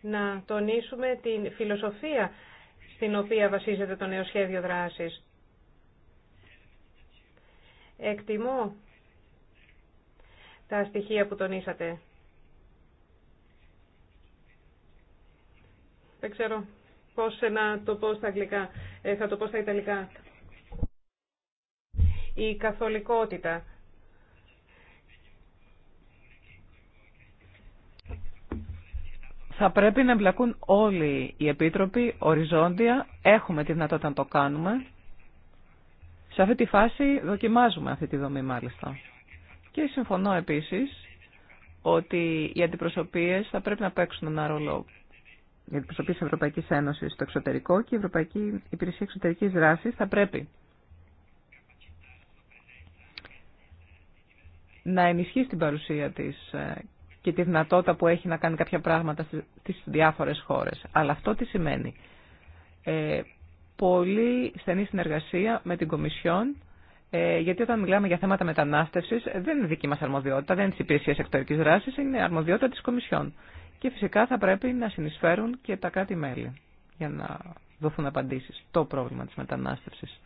να τονίσουμε την φιλοσοφία στην οποία βασίζεται το νέο σχέδιο δράσης. Εκτιμώ τα στοιχεία που τονίσατε. Δεν ξέρω πώς να το πω στα αγγλικά. Ε, θα το πω στα ιταλικά. Η καθολικότητα. Θα πρέπει να εμπλακούν όλοι οι επίτροποι οριζόντια. Έχουμε τη δυνατότητα να το κάνουμε. Σε αυτή τη φάση δοκιμάζουμε αυτή τη δομή μάλιστα. Και συμφωνώ επίσης ότι οι αντιπροσωπείες θα πρέπει να παίξουν ένα ρόλο. Οι αντιπροσωπείες της Ευρωπαϊκής Ένωσης στο εξωτερικό και η Ευρωπαϊκή Υπηρεσία Εξωτερικής Δράσης θα πρέπει να ενισχύσει την παρουσία της ε, και τη δυνατότητα που έχει να κάνει κάποια πράγματα στις διάφορες χώρες. Αλλά αυτό τι σημαίνει. Ε, πολύ στενή συνεργασία με την Κομισιόν, ε, γιατί όταν μιλάμε για θέματα μετανάστευσης δεν είναι δική μας αρμοδιότητα, δεν είναι της υπηρεσίας εκτορικής δράσης, είναι αρμοδιότητα της Κομισιόν. Και φυσικά θα πρέπει να συνεισφέρουν και τα κράτη-μέλη για να δοθούν απαντήσεις στο πρόβλημα της μετανάστευσης.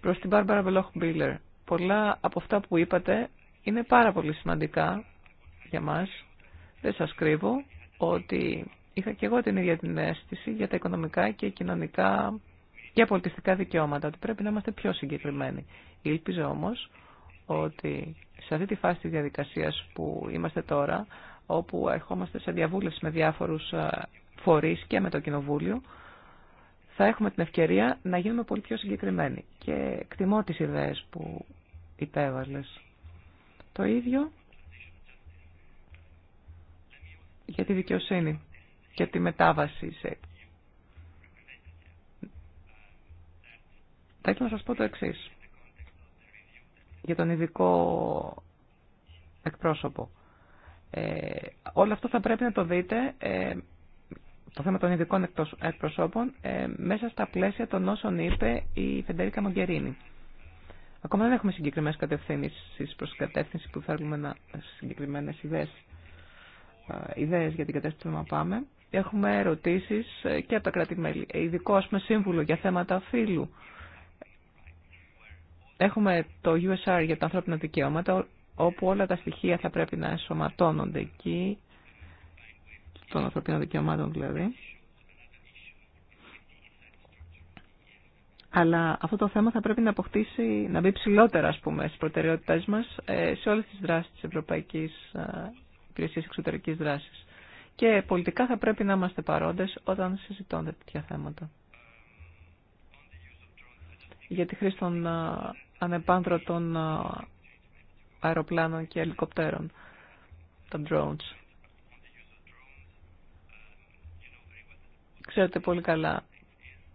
Προς την Μπάρμπαρα Βελόχ Μπίλερ, πολλά από αυτά που είπατε είναι πάρα πολύ σημαντικά για μας. Δεν σας κρύβω ότι είχα και εγώ την ίδια την αίσθηση για τα οικονομικά και κοινωνικά και πολιτιστικά δικαιώματα, ότι πρέπει να είμαστε πιο συγκεκριμένοι. Ελπίζω όμως ότι σε αυτή τη φάση της διαδικασίας που είμαστε τώρα, όπου ερχόμαστε σε διαβούλευση με διάφορους ε, φορείς και με το Κοινοβούλιο, θα έχουμε την ευκαιρία να γίνουμε πολύ πιο συγκεκριμένοι. Και εκτιμώ τις ιδέες που υπέβαλες. Το ίδιο για τη δικαιοσύνη και τη μετάβαση σε... Θα ήθελα να σας πω το εξής για τον ειδικό εκπρόσωπο. Ε, όλο αυτό θα πρέπει να το δείτε, ε, το θέμα των ειδικών εκπροσώπων, ε, μέσα στα πλαίσια των όσων είπε η Φεντερίκα Μογκερίνη. Ακόμα δεν έχουμε συγκεκριμένε κατευθύνσει προς κατεύθυνση που θέλουμε να συγκεκριμένες ιδέες ιδέες για την κατεύθυνση που πάμε. Έχουμε ερωτήσεις ε, και από τα κράτη-μέλη. Ε, ειδικό, ας πούμε, σύμβουλο για θέματα φύλου. Έχουμε το USR για τα ανθρώπινα δικαιώματα, όπου όλα τα στοιχεία θα πρέπει να ενσωματώνονται εκεί, των ανθρωπίνων δικαιωμάτων δηλαδή. Αλλά αυτό το θέμα θα πρέπει να αποκτήσει, να μπει ψηλότερα, ας πούμε, στις προτεραιότητες μας, ε, σε όλες τις δράσεις της Ευρωπαϊκής υπηρεσίε εξωτερικής δράσης. Και πολιτικά θα πρέπει να είμαστε παρόντε όταν συζητώνται τέτοια θέματα. Για τη χρήση των ανεπάνδρωτων αεροπλάνων και ελικοπτέρων, τα drones. Ξέρετε πολύ καλά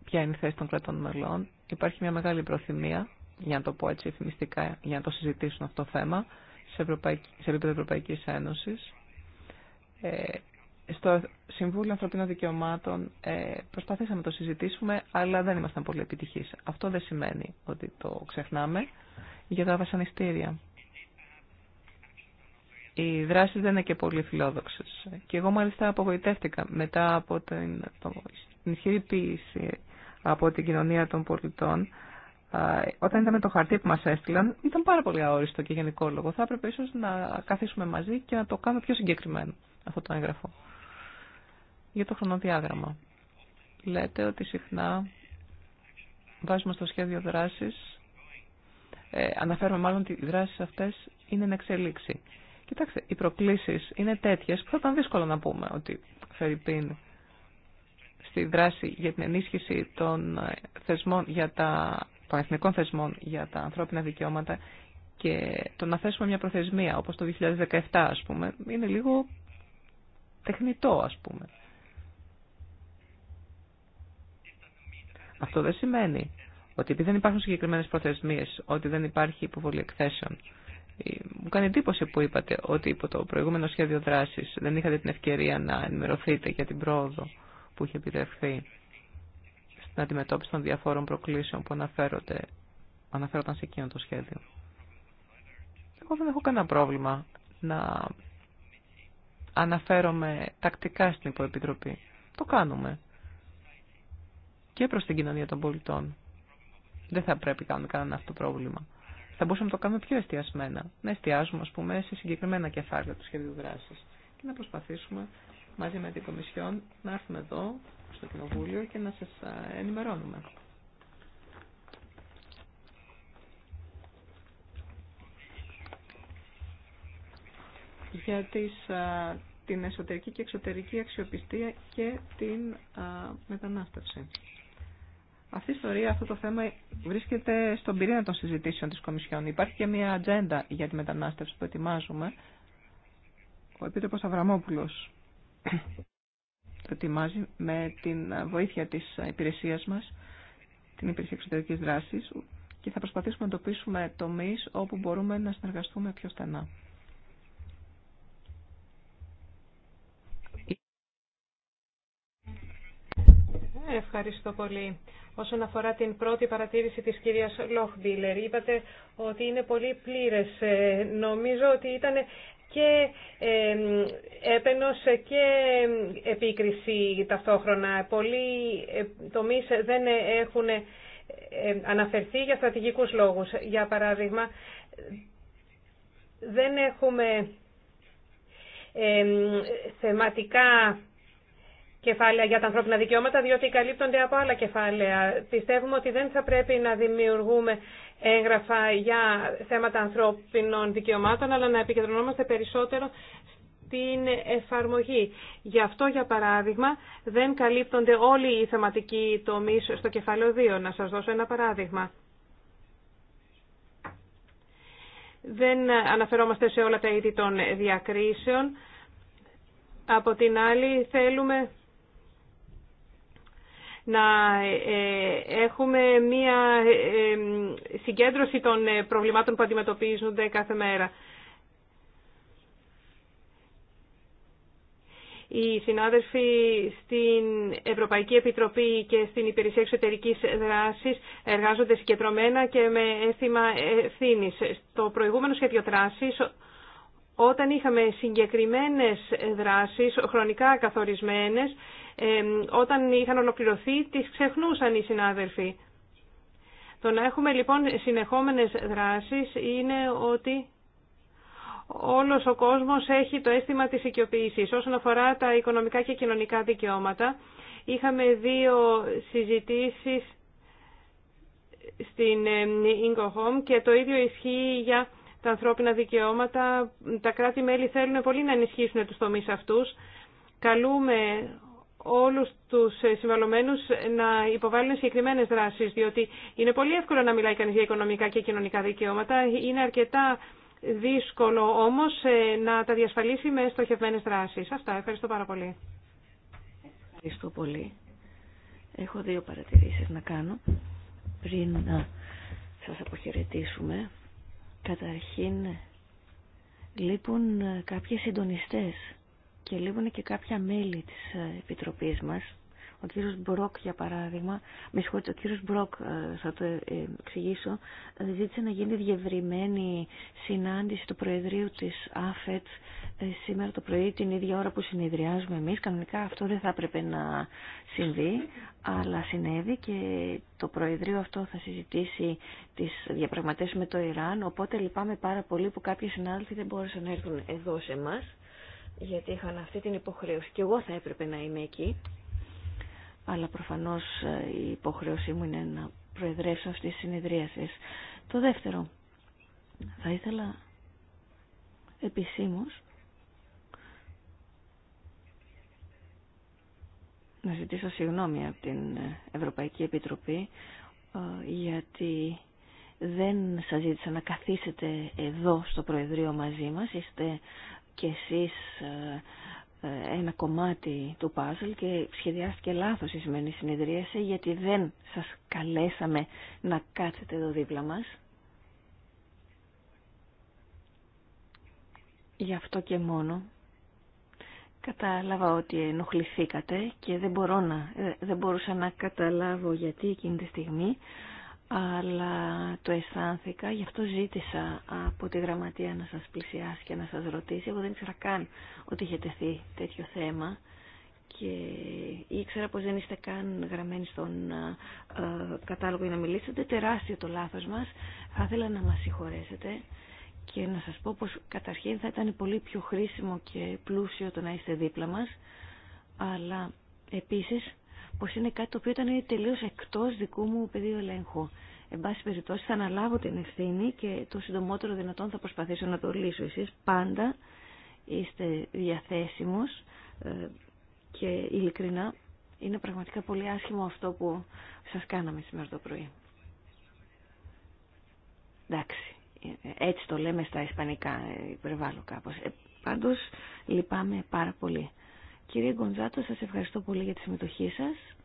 ποια είναι η θέση των κρατών μελών. Υπάρχει μια μεγάλη προθυμία, για να το πω έτσι εφημιστικά, για να το συζητήσουν αυτό το θέμα σε, ευρωπαϊκές σε επίπεδο Ευρωπαϊκής ε, στο Συμβούλιο Ανθρωπίνων Δικαιωμάτων ε, προσπαθήσαμε να το συζητήσουμε, αλλά δεν ήμασταν πολύ επιτυχείς. Αυτό δεν σημαίνει ότι το ξεχνάμε. Για τα βασανιστήρια. Οι δράσει δεν είναι και πολύ φιλόδοξε. Και εγώ μάλιστα απογοητεύτηκα μετά από την, την ισχυρή από την κοινωνία των πολιτών όταν ήταν το χαρτί που μας έστειλαν, ήταν πάρα πολύ αόριστο και γενικό λόγο. Θα έπρεπε ίσως να καθίσουμε μαζί και να το κάνουμε πιο συγκεκριμένο αυτό το έγγραφο. Για το χρονοδιάγραμμα. Λέτε ότι συχνά βάζουμε στο σχέδιο δράσης, ε, αναφέρουμε μάλλον ότι οι δράσεις αυτές είναι εν εξελίξη. Κοιτάξτε, οι προκλήσεις είναι τέτοιες που θα ήταν δύσκολο να πούμε ότι φέρει πίν στη δράση για την ενίσχυση των θεσμών για τα των εθνικών θεσμών για τα ανθρώπινα δικαιώματα και το να θέσουμε μια προθεσμία όπως το 2017 ας πούμε είναι λίγο τεχνητό ας πούμε. Αυτό δεν σημαίνει ότι επειδή δεν υπάρχουν συγκεκριμένες προθεσμίες, ότι δεν υπάρχει υποβολή εκθέσεων. Ε, μου κάνει εντύπωση που είπατε ότι υπό το προηγούμενο σχέδιο δράσης δεν είχατε την ευκαιρία να ενημερωθείτε για την πρόοδο που είχε επιτευχθεί να αντιμετώπιση των διαφόρων προκλήσεων που αναφέρονται, αναφέρονταν σε εκείνο το σχέδιο. Εγώ δεν έχω κανένα πρόβλημα να αναφέρομαι τακτικά στην υποεπιτροπή. Το κάνουμε. Και προς την κοινωνία των πολιτών. Δεν θα πρέπει να κάνουμε κανένα αυτό το πρόβλημα. Θα μπορούσαμε να το κάνουμε πιο εστιασμένα. Να εστιάζουμε, ας πούμε, σε συγκεκριμένα κεφάλαια του σχεδίου δράσης και να προσπαθήσουμε μαζί με την Κομισιόν να έρθουμε εδώ στο Κοινοβούλιο και να σας ενημερώνουμε. για τις, την εσωτερική και εξωτερική αξιοπιστία και την μετανάστευση. Αυτή η ιστορία, αυτό το θέμα βρίσκεται στον πυρήνα των συζητήσεων της Κομισιόν. Υπάρχει και μια ατζέντα για τη μετανάστευση που ετοιμάζουμε. Ο Επίτροπος Αβραμόπουλος το ετοιμάζει με την βοήθεια της υπηρεσίας μας, την υπηρεσία εξωτερικής δράσης και θα προσπαθήσουμε να εντοπίσουμε τομείς όπου μπορούμε να συνεργαστούμε πιο στενά. Ευχαριστώ πολύ. Όσον αφορά την πρώτη παρατήρηση της κυρίας Λόχμπίλερ, είπατε ότι είναι πολύ πλήρες. Ε, νομίζω ότι ήταν και έπαινος και επίκριση ταυτόχρονα. Πολλοί ε, τομείς δεν έχουν ε, αναφερθεί για στρατηγικούς λόγους. Για παράδειγμα, δεν έχουμε θεματικά κεφάλαια για τα ανθρώπινα δικαιώματα, διότι καλύπτονται από άλλα κεφάλαια. Πιστεύουμε ότι δεν θα πρέπει να δημιουργούμε έγγραφα για θέματα ανθρώπινων δικαιωμάτων, αλλά να επικεντρωνόμαστε περισσότερο στην εφαρμογή. Γι' αυτό, για παράδειγμα, δεν καλύπτονται όλοι οι θεματικοί τομείς στο κεφάλαιο 2. Να σας δώσω ένα παράδειγμα. Δεν αναφερόμαστε σε όλα τα είδη των διακρίσεων. Από την άλλη, θέλουμε να ε, έχουμε μία ε, συγκέντρωση των ε, προβλημάτων που αντιμετωπίζονται κάθε μέρα. Οι συνάδελφοι στην Ευρωπαϊκή Επιτροπή και στην Υπηρεσία Εξωτερικής Δράσης εργάζονται συγκεντρωμένα και με αίσθημα ευθύνη. Στο προηγούμενο σχέδιο δράσης, όταν είχαμε συγκεκριμένες δράσεις, χρονικά καθορισμένες, όταν είχαν ολοκληρωθεί τις ξεχνούσαν οι συνάδελφοι. Το να έχουμε λοιπόν συνεχόμενες δράσεις είναι ότι όλος ο κόσμος έχει το αίσθημα της οικειοποίησης. Όσον αφορά τα οικονομικά και κοινωνικά δικαιώματα, είχαμε δύο συζητήσεις στην Home και το ίδιο ισχύει για τα ανθρώπινα δικαιώματα. Τα κράτη-μέλη θέλουν πολύ να ενισχύσουν τους τομείς αυτούς. Καλούμε όλους τους συμβαλωμένους να υποβάλουν συγκεκριμένες δράσεις, διότι είναι πολύ εύκολο να μιλάει κανείς για οικονομικά και κοινωνικά δικαιώματα, είναι αρκετά δύσκολο όμως ε, να τα διασφαλίσει με στοχευμένες δράσεις. Αυτά, ευχαριστώ πάρα πολύ. Ευχαριστώ πολύ. Έχω δύο παρατηρήσεις να κάνω πριν να σας αποχαιρετήσουμε. Καταρχήν λείπουν κάποιοι συντονιστές και λείπουν και κάποια μέλη της ε, Επιτροπής μας. Ο κύριος Μπροκ, για παράδειγμα, με συγχωρείτε, ο κύριος Μπροκ, ε, θα το ε, εξηγήσω, ζήτησε να γίνει διευρυμένη συνάντηση του Προεδρείου της ΑΦΕΤ σήμερα το πρωί, την ίδια ώρα που συνεδριάζουμε εμείς. Κανονικά αυτό δεν θα έπρεπε να συμβεί, αλλά συνέβη και το Προεδρείο αυτό θα συζητήσει τις διαπραγματεύσεις με το Ιράν, οπότε λυπάμαι πάρα πολύ που κάποιοι συνάδελφοι δεν μπόρεσαν να έρθουν εδώ σε εμά γιατί είχαν αυτή την υποχρέωση και εγώ θα έπρεπε να είμαι εκεί αλλά προφανώς ε, η υποχρέωσή μου είναι να προεδρεύσω αυτή τη συνεδρίαση. Το δεύτερο, θα ήθελα επισήμως να ζητήσω συγγνώμη από την Ευρωπαϊκή Επιτροπή ε, γιατί δεν σας ζήτησα να καθίσετε εδώ στο Προεδρείο μαζί μας. Είστε και εσείς ε, ε, ένα κομμάτι του πάζλ και σχεδιάστηκε λάθος η σημερινή συνεδρίαση γιατί δεν σας καλέσαμε να κάτσετε εδώ δίπλα μας. Γι' αυτό και μόνο κατάλαβα ότι ενοχληθήκατε και δεν, μπορώ να, ε, δεν μπορούσα να καταλάβω γιατί εκείνη τη στιγμή αλλά το αισθάνθηκα, γι' αυτό ζήτησα από τη γραμματεία να σας πλησιάσει και να σας ρωτήσει. Εγώ δεν ήξερα καν ότι είχε τεθεί τέτοιο θέμα και ήξερα πως δεν είστε καν γραμμένοι στον ε, κατάλογο για να μιλήσετε. Τεράστιο το λάθος μας. Θα ήθελα να μας συγχωρέσετε και να σας πω πως καταρχήν θα ήταν πολύ πιο χρήσιμο και πλούσιο το να είστε δίπλα μας, αλλά επίσης πως είναι κάτι το οποίο ήταν τελείως εκτός δικού μου πεδίου ελέγχου. Εν πάση περιπτώσει θα αναλάβω την ευθύνη και το συντομότερο δυνατόν θα προσπαθήσω να το λύσω. Εσείς πάντα είστε διαθέσιμος ε, και ειλικρινά είναι πραγματικά πολύ άσχημο αυτό που σας κάναμε σήμερα το πρωί. Εντάξει, έτσι το λέμε στα ισπανικά, ε, υπερβάλλω κάπως. Ε, πάντως λυπάμαι πάρα πολύ. Κύριε Γκοντζάτο, σας ευχαριστώ πολύ για τη συμμετοχή σας.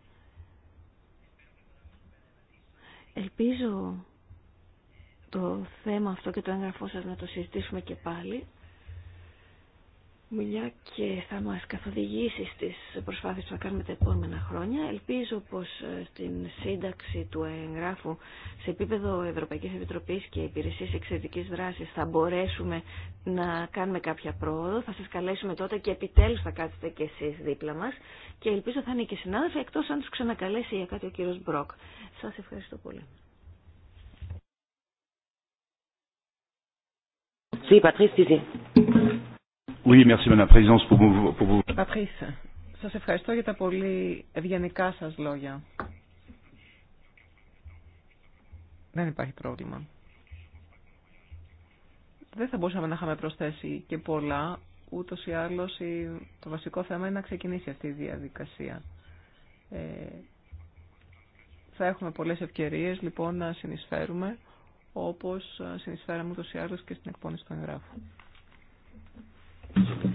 Ελπίζω το θέμα αυτό και το έγγραφό σας να το συζητήσουμε και πάλι μιλιά και θα μας καθοδηγήσει στις προσπάθειες που θα κάνουμε τα επόμενα χρόνια. Ελπίζω πως ε, στην σύνταξη του εγγράφου σε επίπεδο Ευρωπαϊκής Επιτροπής και Υπηρεσίας Εξαιρετικής Δράσης θα μπορέσουμε να κάνουμε κάποια πρόοδο. Θα σας καλέσουμε τότε και επιτέλους θα κάτσετε και εσείς δίπλα μας και ελπίζω θα είναι και συνάδελφοι εκτός αν τους ξανακαλέσει για κάτι ο κύριος Μπροκ. Σας ευχαριστώ πολύ. Sí, Patrice, Oui, merci, σας ευχαριστώ για τα πολύ ευγενικά σας λόγια. Δεν υπάρχει πρόβλημα. Δεν θα μπορούσαμε να είχαμε προσθέσει και πολλά, ούτως ή άλλως το βασικό θέμα είναι να ξεκινήσει αυτή η διαδικασία. Ε, θα έχουμε πολλές ευκαιρίες λοιπόν να συνεισφέρουμε όπως συνεισφέραμε ούτως ή άλλως και στην εκπόνηση των εγγράφων για την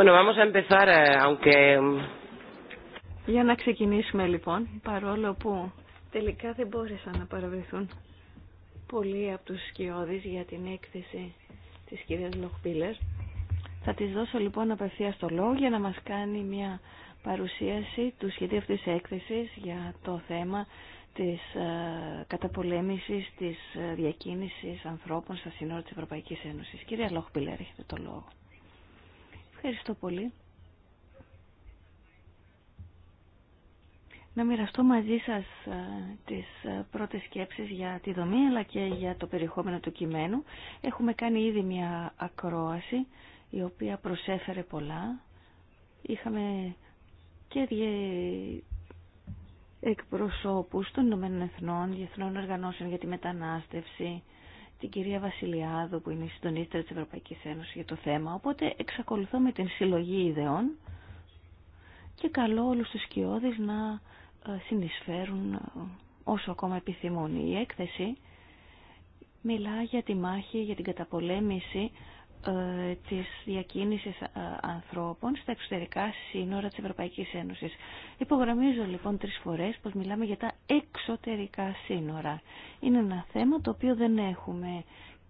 Eh, mm. Για να ξεκινήσουμε λοιπόν, παρόλο που τελικά δεν μπόρεσαν να παραβρεθούν πολλοί από τους σκιώδεις για την έκθεση της κυρίας Λοχπίλερ. Θα της δώσω λοιπόν απευθείας το λόγο για να μας κάνει μια παρουσίαση του σχεδίου αυτής της έκθεσης για το θέμα της ε, καταπολέμησης της ε, διακίνησης ανθρώπων στα σύνορα της Ευρωπαϊκής Ένωσης. Κυρία Λοχπίλερ, έχετε το λόγο. Ευχαριστώ πολύ. Να μοιραστώ μαζί σας ε, τις ε, πρώτες σκέψεις για τη δομή αλλά και για το περιεχόμενο του κειμένου. Έχουμε κάνει ήδη μια ακρόαση η οποία προσέφερε πολλά. Είχαμε και εκπροσώπους των Ηνωμένων Εθνών, Διεθνών Οργανώσεων για τη Μετανάστευση, την κυρία Βασιλιάδου που είναι η συντονίστρια της Ευρωπαϊκής Ένωσης για το θέμα. Οπότε εξακολουθώ με την συλλογή ιδεών και καλώ όλους τους σκιώδεις να ε, συνεισφέρουν ε, όσο ακόμα επιθυμούν. Η έκθεση μιλά για τη μάχη, για την καταπολέμηση ε, της διακίνησης ε, ανθρώπων στα εξωτερικά σύνορα της Ευρωπαϊκής Ένωσης. Υπογραμμίζω λοιπόν τρεις φορές πως μιλάμε για τα εξωτερικά σύνορα. Είναι ένα θέμα το οποίο δεν έχουμε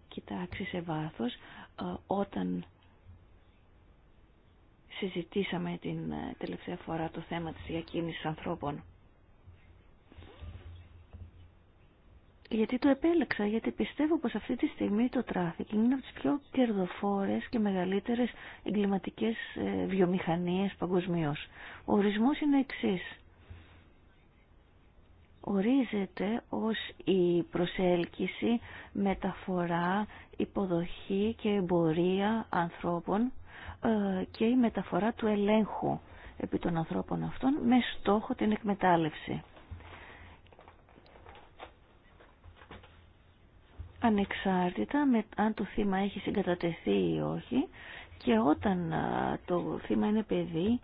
κοιτάξει σε βάθος ε, όταν συζητήσαμε την τελευταία φορά το θέμα της διακίνησης ανθρώπων. γιατί το επέλεξα, γιατί πιστεύω πως αυτή τη στιγμή το τράφικινγκ είναι από τις πιο κερδοφόρες και μεγαλύτερες εγκληματικές ε, βιομηχανίες παγκοσμίω. Ο ορισμός είναι εξής. Ορίζεται ως η προσέλκυση, μεταφορά, υποδοχή και εμπορία ανθρώπων ε, και η μεταφορά του ελέγχου επί των ανθρώπων αυτών με στόχο την εκμετάλλευση. ανεξάρτητα με αν το θύμα έχει συγκατατεθεί ή όχι και όταν το θύμα είναι παιδί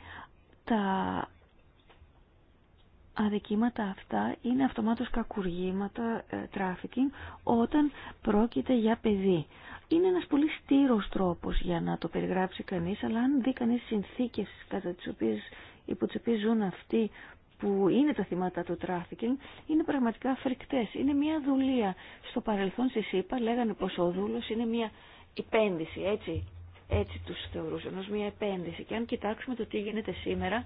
τα αδικήματα αυτά είναι αυτομάτως κακουργήματα ε, τράφικινγκ όταν πρόκειται για παιδί. Είναι ένας πολύ στήρος τρόπος για να το περιγράψει κανείς, αλλά αν δει κανείς συνθήκες κατά τις οποίες, υπό ζουν αυτοί που είναι τα θύματα του τράφικινγκ είναι πραγματικά φρικτές. Είναι μια δουλεία. Στο παρελθόν στη ΣΥΠΑ λέγανε πως ο δούλος είναι μια επένδυση, έτσι. Έτσι τους θεωρούσαν ως μια επένδυση. Και αν κοιτάξουμε το τι γίνεται σήμερα,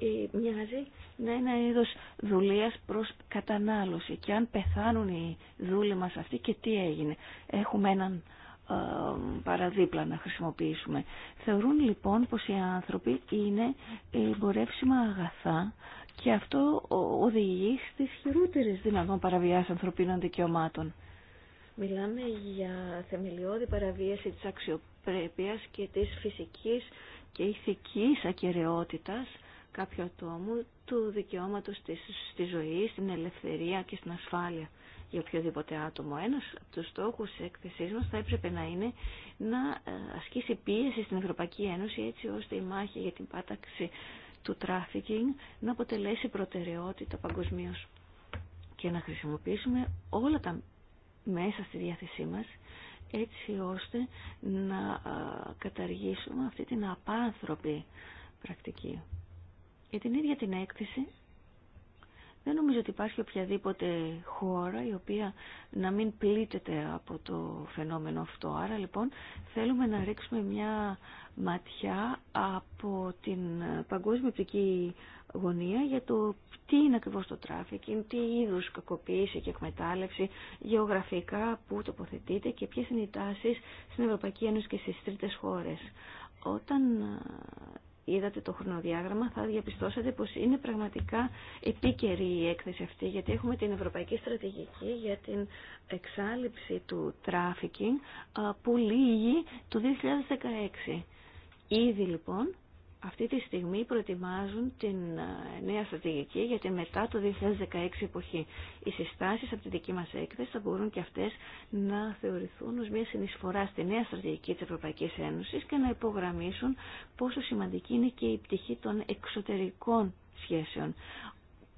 ε, μοιάζει να είναι ένα είδος δουλείας προς κατανάλωση. Και αν πεθάνουν οι δούλοι μας αυτοί και τι έγινε. Έχουμε έναν ε, παραδίπλα να χρησιμοποιήσουμε. Θεωρούν λοιπόν πως οι άνθρωποι είναι εμπορεύσιμα αγαθά και αυτό οδηγεί στις χειρότερες δυνατόν παραβιάσεις ανθρωπίνων δικαιωμάτων. Μιλάμε για θεμελιώδη παραβίαση της αξιοπρέπειας και της φυσικής και ηθικής ακαιρεότητας κάποιου ατόμου του δικαιώματος της, στη ζωή, στην ελευθερία και στην ασφάλεια για οποιοδήποτε άτομο. Ένας από τους στόχους της έκθεσής μας θα έπρεπε να είναι να ε, ασκήσει πίεση στην Ευρωπαϊκή Ένωση έτσι ώστε η μάχη για την πάταξη του τράφικινγκ να αποτελέσει προτεραιότητα παγκοσμίω και να χρησιμοποιήσουμε όλα τα μέσα στη διάθεσή μας έτσι ώστε να καταργήσουμε αυτή την απάνθρωπη πρακτική. Για την ίδια την έκθεση δεν νομίζω ότι υπάρχει οποιαδήποτε χώρα η οποία να μην πλήττεται από το φαινόμενο αυτό. Άρα λοιπόν θέλουμε να ρίξουμε μια ματιά από την παγκόσμια οπτική γωνία για το τι είναι ακριβώ το τράφικινγκ, τι είδου κακοποίηση και εκμετάλλευση γεωγραφικά που τοποθετείται και ποιε είναι οι τάσει στην Ευρωπαϊκή Ένωση και στι τρίτε χώρες. Όταν είδατε το χρονοδιάγραμμα θα διαπιστώσατε πως είναι πραγματικά επίκαιρη η έκθεση αυτή γιατί έχουμε την Ευρωπαϊκή Στρατηγική για την εξάλληψη του τράφικινγκ που λύγει το 2016. Ήδη λοιπόν αυτή τη στιγμή προετοιμάζουν την ε, νέα στρατηγική για τη μετά το 2016 εποχή. Οι συστάσεις από τη δική μας έκθεση θα μπορούν και αυτές να θεωρηθούν ως μια συνεισφορά στη νέα στρατηγική της Ευρωπαϊκής Ένωσης και να υπογραμμίσουν πόσο σημαντική είναι και η πτυχή των εξωτερικών σχέσεων.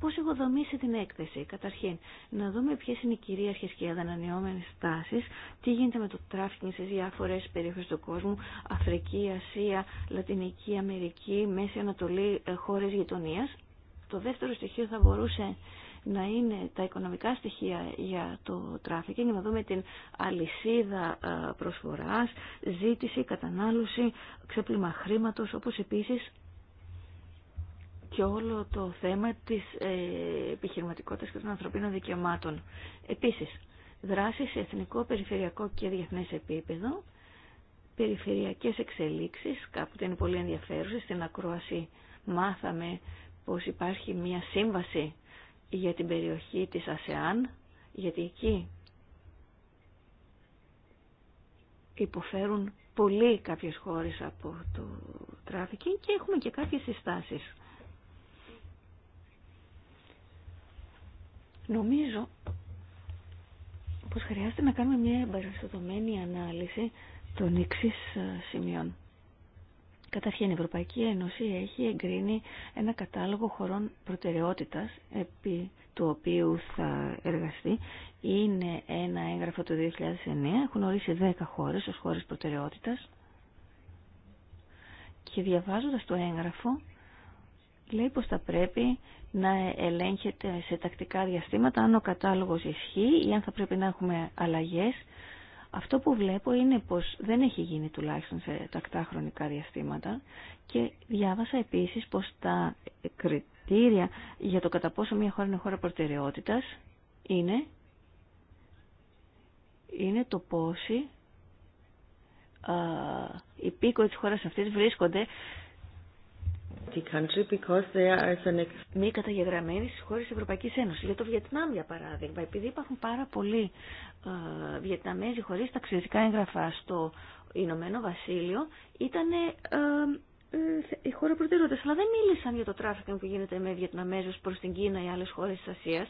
Πώς έχω δομήσει την έκθεση. Καταρχήν, να δούμε ποιες είναι οι κυρίαρχες και οι ανανεώμενες τάσεις, τι γίνεται με το τράφικινγκ σε διάφορες περιοχές του κόσμου, Αφρική, Ασία, Λατινική, Αμερική, Μέση Ανατολή, ε, χώρες γειτονίας. Το δεύτερο στοιχείο θα μπορούσε να είναι τα οικονομικά στοιχεία για το τράφικινγκ, να δούμε την αλυσίδα ε, προσφοράς, ζήτηση, κατανάλωση, ξέπλυμα χρήματος, όπως επίσης και όλο το θέμα της ε, επιχειρηματικότητας και των ανθρωπίνων δικαιωμάτων. Επίσης, δράσεις σε εθνικό, περιφερειακό και διεθνές επίπεδο, περιφερειακές εξελίξεις, κάποτε είναι πολύ ενδιαφέρουσες, στην ακρόαση μάθαμε πως υπάρχει μια σύμβαση για την περιοχή της ΑΣΕΑΝ, γιατί εκεί υποφέρουν πολύ κάποιες χώρες από το τράφικινγκ και έχουμε και κάποιες συστάσεις. Νομίζω πως χρειάζεται να κάνουμε μια εμπεριστατωμένη ανάλυση των εξή ε, σημείων. Καταρχήν, η Ευρωπαϊκή Ένωση έχει εγκρίνει ένα κατάλογο χωρών προτεραιότητας επί του οποίου θα εργαστεί. Είναι ένα έγγραφο του 2009, έχουν ορίσει 10 χώρες ως χώρες προτεραιότητας και διαβάζοντας το έγγραφο λέει πως θα πρέπει να ελέγχεται σε τακτικά διαστήματα αν ο κατάλογος ισχύει ή αν θα πρέπει να έχουμε αλλαγές. Αυτό που βλέπω είναι πως δεν έχει γίνει τουλάχιστον σε τακτά χρονικά διαστήματα και διάβασα επίσης πως τα κριτήρια για το κατά πόσο μια χώρα είναι χώρα προτεραιότητας είναι, είναι το πόσοι οι πίκοοι της χώρας αυτής βρίσκονται μη καταγεγραμμένη στι χώρε Ευρωπαϊκή Ένωση. Για το Βιετνάμ, για παράδειγμα, επειδή υπάρχουν πάρα πολλοί ε, Βιετναμέζοι χωρί ταξιδιωτικά έγγραφα στο Ηνωμένο Βασίλειο, ήταν ε, ε, η χώρα προτεραιότητα. Αλλά δεν μίλησαν για το τράφικινγκ που γίνεται με Βιετναμέζου προ την Κίνα ή άλλε χώρε τη Ασία.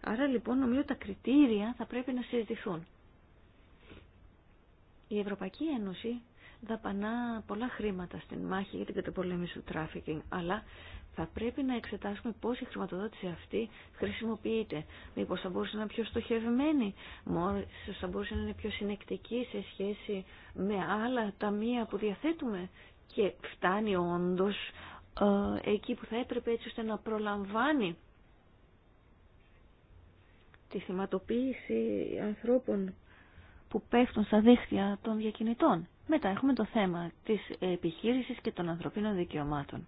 Άρα λοιπόν νομίζω τα κριτήρια θα πρέπει να συζητηθούν. Η Ευρωπαϊκή Ένωση δαπανά πολλά χρήματα στην μάχη για την καταπολέμηση του τράφικινγκ, αλλά θα πρέπει να εξετάσουμε πώς η χρηματοδότηση αυτή χρησιμοποιείται. Μήπως θα μπορούσε να είναι πιο στοχευμένη, μήπως θα μπορούσε να είναι πιο συνεκτική σε σχέση με άλλα ταμεία που διαθέτουμε και φτάνει όντως ε, εκεί που θα έπρεπε έτσι ώστε να προλαμβάνει τη θυματοποίηση ανθρώπων που πέφτουν στα δίχτυα των διακινητών. Μετά έχουμε το θέμα της επιχείρησης και των ανθρωπίνων δικαιωμάτων.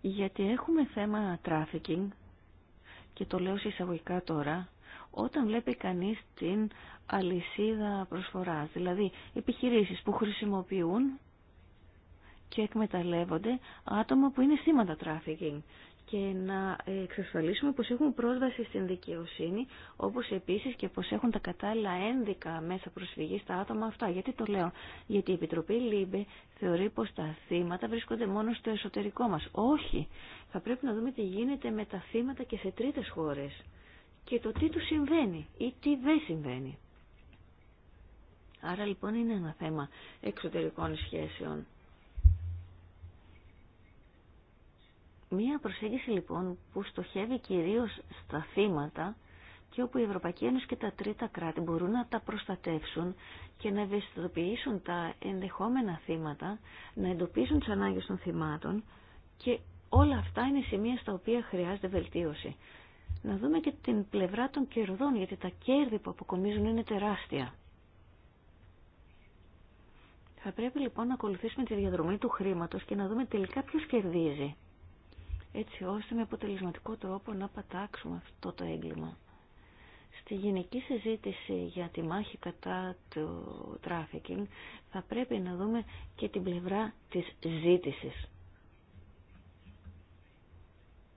Γιατί έχουμε θέμα τράφικινγκ, και το λέω συσσαγωγικά τώρα, όταν βλέπει κανείς την αλυσίδα προσφοράς. Δηλαδή, επιχειρήσεις που χρησιμοποιούν και εκμεταλλεύονται άτομα που είναι σήματα τράφικινγκ και να εξασφαλίσουμε πως έχουν πρόσβαση στην δικαιοσύνη, όπως επίσης και πως έχουν τα κατάλληλα ένδικα μέσα προσφυγής στα άτομα αυτά. Γιατί το λέω, γιατί η Επιτροπή ΛΥΜΠΕ θεωρεί πως τα θύματα βρίσκονται μόνο στο εσωτερικό μας. Όχι, θα πρέπει να δούμε τι γίνεται με τα θύματα και σε τρίτες χώρες και το τι του συμβαίνει ή τι δεν συμβαίνει. Άρα λοιπόν είναι ένα θέμα εξωτερικών σχέσεων. Μία προσέγγιση λοιπόν που στοχεύει κυρίως στα θύματα και όπου η Ευρωπαϊκή Ένωση και τα τρίτα κράτη μπορούν να τα προστατεύσουν και να ευαισθητοποιήσουν τα ενδεχόμενα θύματα, να εντοπίσουν τις ανάγκες των θυμάτων και όλα αυτά είναι σημεία στα οποία χρειάζεται βελτίωση. Να δούμε και την πλευρά των κερδών, γιατί τα κέρδη που αποκομίζουν είναι τεράστια. Θα πρέπει λοιπόν να ακολουθήσουμε τη διαδρομή του χρήματος και να δούμε τελικά ποιος κερδίζει έτσι ώστε με αποτελεσματικό τρόπο να πατάξουμε αυτό το έγκλημα. Στη γενική συζήτηση για τη μάχη κατά του τράφικινγκ θα πρέπει να δούμε και την πλευρά της ζήτησης.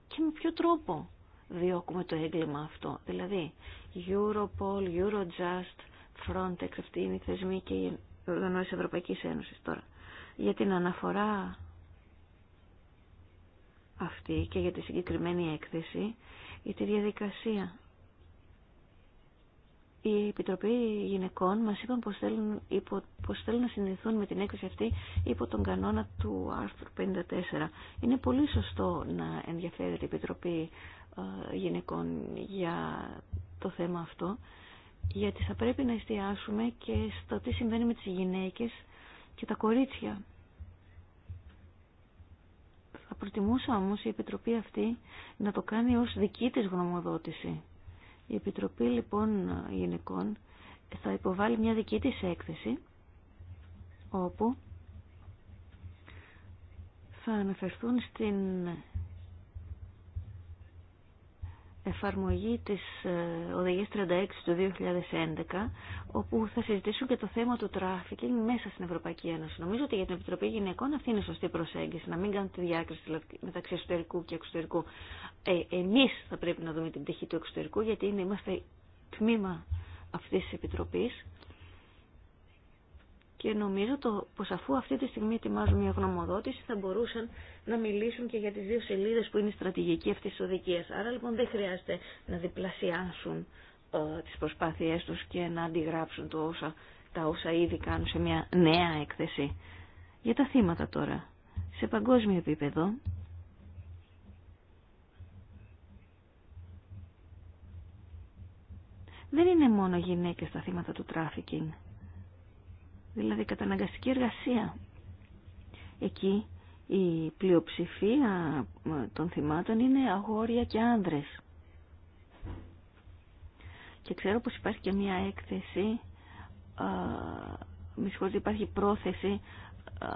Και με ποιο τρόπο διώκουμε το έγκλημα αυτό. Δηλαδή, Europol, Eurojust, Frontex, αυτή είναι η θεσμή και οι οργανώσεις Ευρωπαϊκής Ένωσης τώρα. Για την αναφορά αυτή και για τη συγκεκριμένη έκθεση για τη διαδικασία. Η Επιτροπή Γυναικών μας είπαν πως θέλουν, υπο, πως θέλουν να συνδεθούν με την έκθεση αυτή υπό τον κανόνα του άρθρου 54. Είναι πολύ σωστό να ενδιαφέρεται η Επιτροπή ε, Γυναικών για το θέμα αυτό, γιατί θα πρέπει να εστιάσουμε και στο τι συμβαίνει με τις γυναίκες και τα κορίτσια Προτιμούσα όμως η Επιτροπή αυτή να το κάνει ως δική της γνωμοδότηση. Η Επιτροπή λοιπόν γυναικών θα υποβάλει μια δική της έκθεση όπου θα αναφερθούν στην εφαρμογή της ε, Οδηγίας 36 του 2011, όπου θα συζητήσουν και το θέμα του τράφικινγκ μέσα στην Ευρωπαϊκή Ένωση. Νομίζω ότι για την Επιτροπή Γυναικών αυτή είναι σωστή προσέγγιση, να μην κάνουν τη διάκριση δηλαδή, μεταξύ εσωτερικού και εξωτερικού. Ε, εμείς θα πρέπει να δούμε την πτυχή του εξωτερικού, γιατί είναι, είμαστε τμήμα αυτής της Επιτροπής και νομίζω το, πως αφού αυτή τη στιγμή ετοιμάζουν μια γνωμοδότηση θα μπορούσαν να μιλήσουν και για τις δύο σελίδες που είναι η στρατηγική αυτής της οδικίας. Άρα λοιπόν δεν χρειάζεται να διπλασιάσουν ε, τις προσπάθειές τους και να αντιγράψουν το όσα, τα όσα ήδη κάνουν σε μια νέα έκθεση. Για τα θύματα τώρα. Σε παγκόσμιο επίπεδο δεν είναι μόνο γυναίκες τα θύματα του τράφικινγκ δηλαδή καταναγκαστική εργασία. Εκεί η πλειοψηφία ε, των θυμάτων είναι αγόρια και άνδρες. Και ξέρω πως υπάρχει και μία έκθεση, με υπάρχει πρόθεση ε,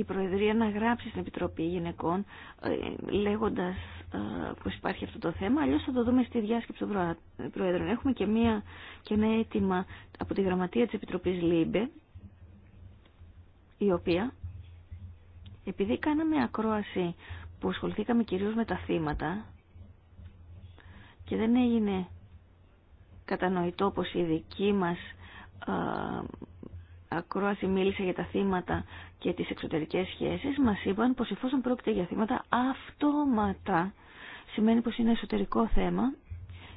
η Προεδρία να γράψει στην Επιτροπή Γυναικών ε, λέγοντας ε, πως υπάρχει αυτό το θέμα, αλλιώς θα το δούμε στη διάσκεψη των Προέδρων. Έχουμε και, μία, και ένα αίτημα από τη Γραμματεία της Επιτροπής ΛΥΜΠΕ, η οποία, επειδή κάναμε ακρόαση που ασχοληθήκαμε κυρίως με τα θύματα και δεν έγινε κατανοητό πως η δική μας ε, ακρόαση μίλησε για τα θύματα και τις εξωτερικές σχέσεις μας είπαν πως εφόσον πρόκειται για θύματα αυτόματα σημαίνει πως είναι εσωτερικό θέμα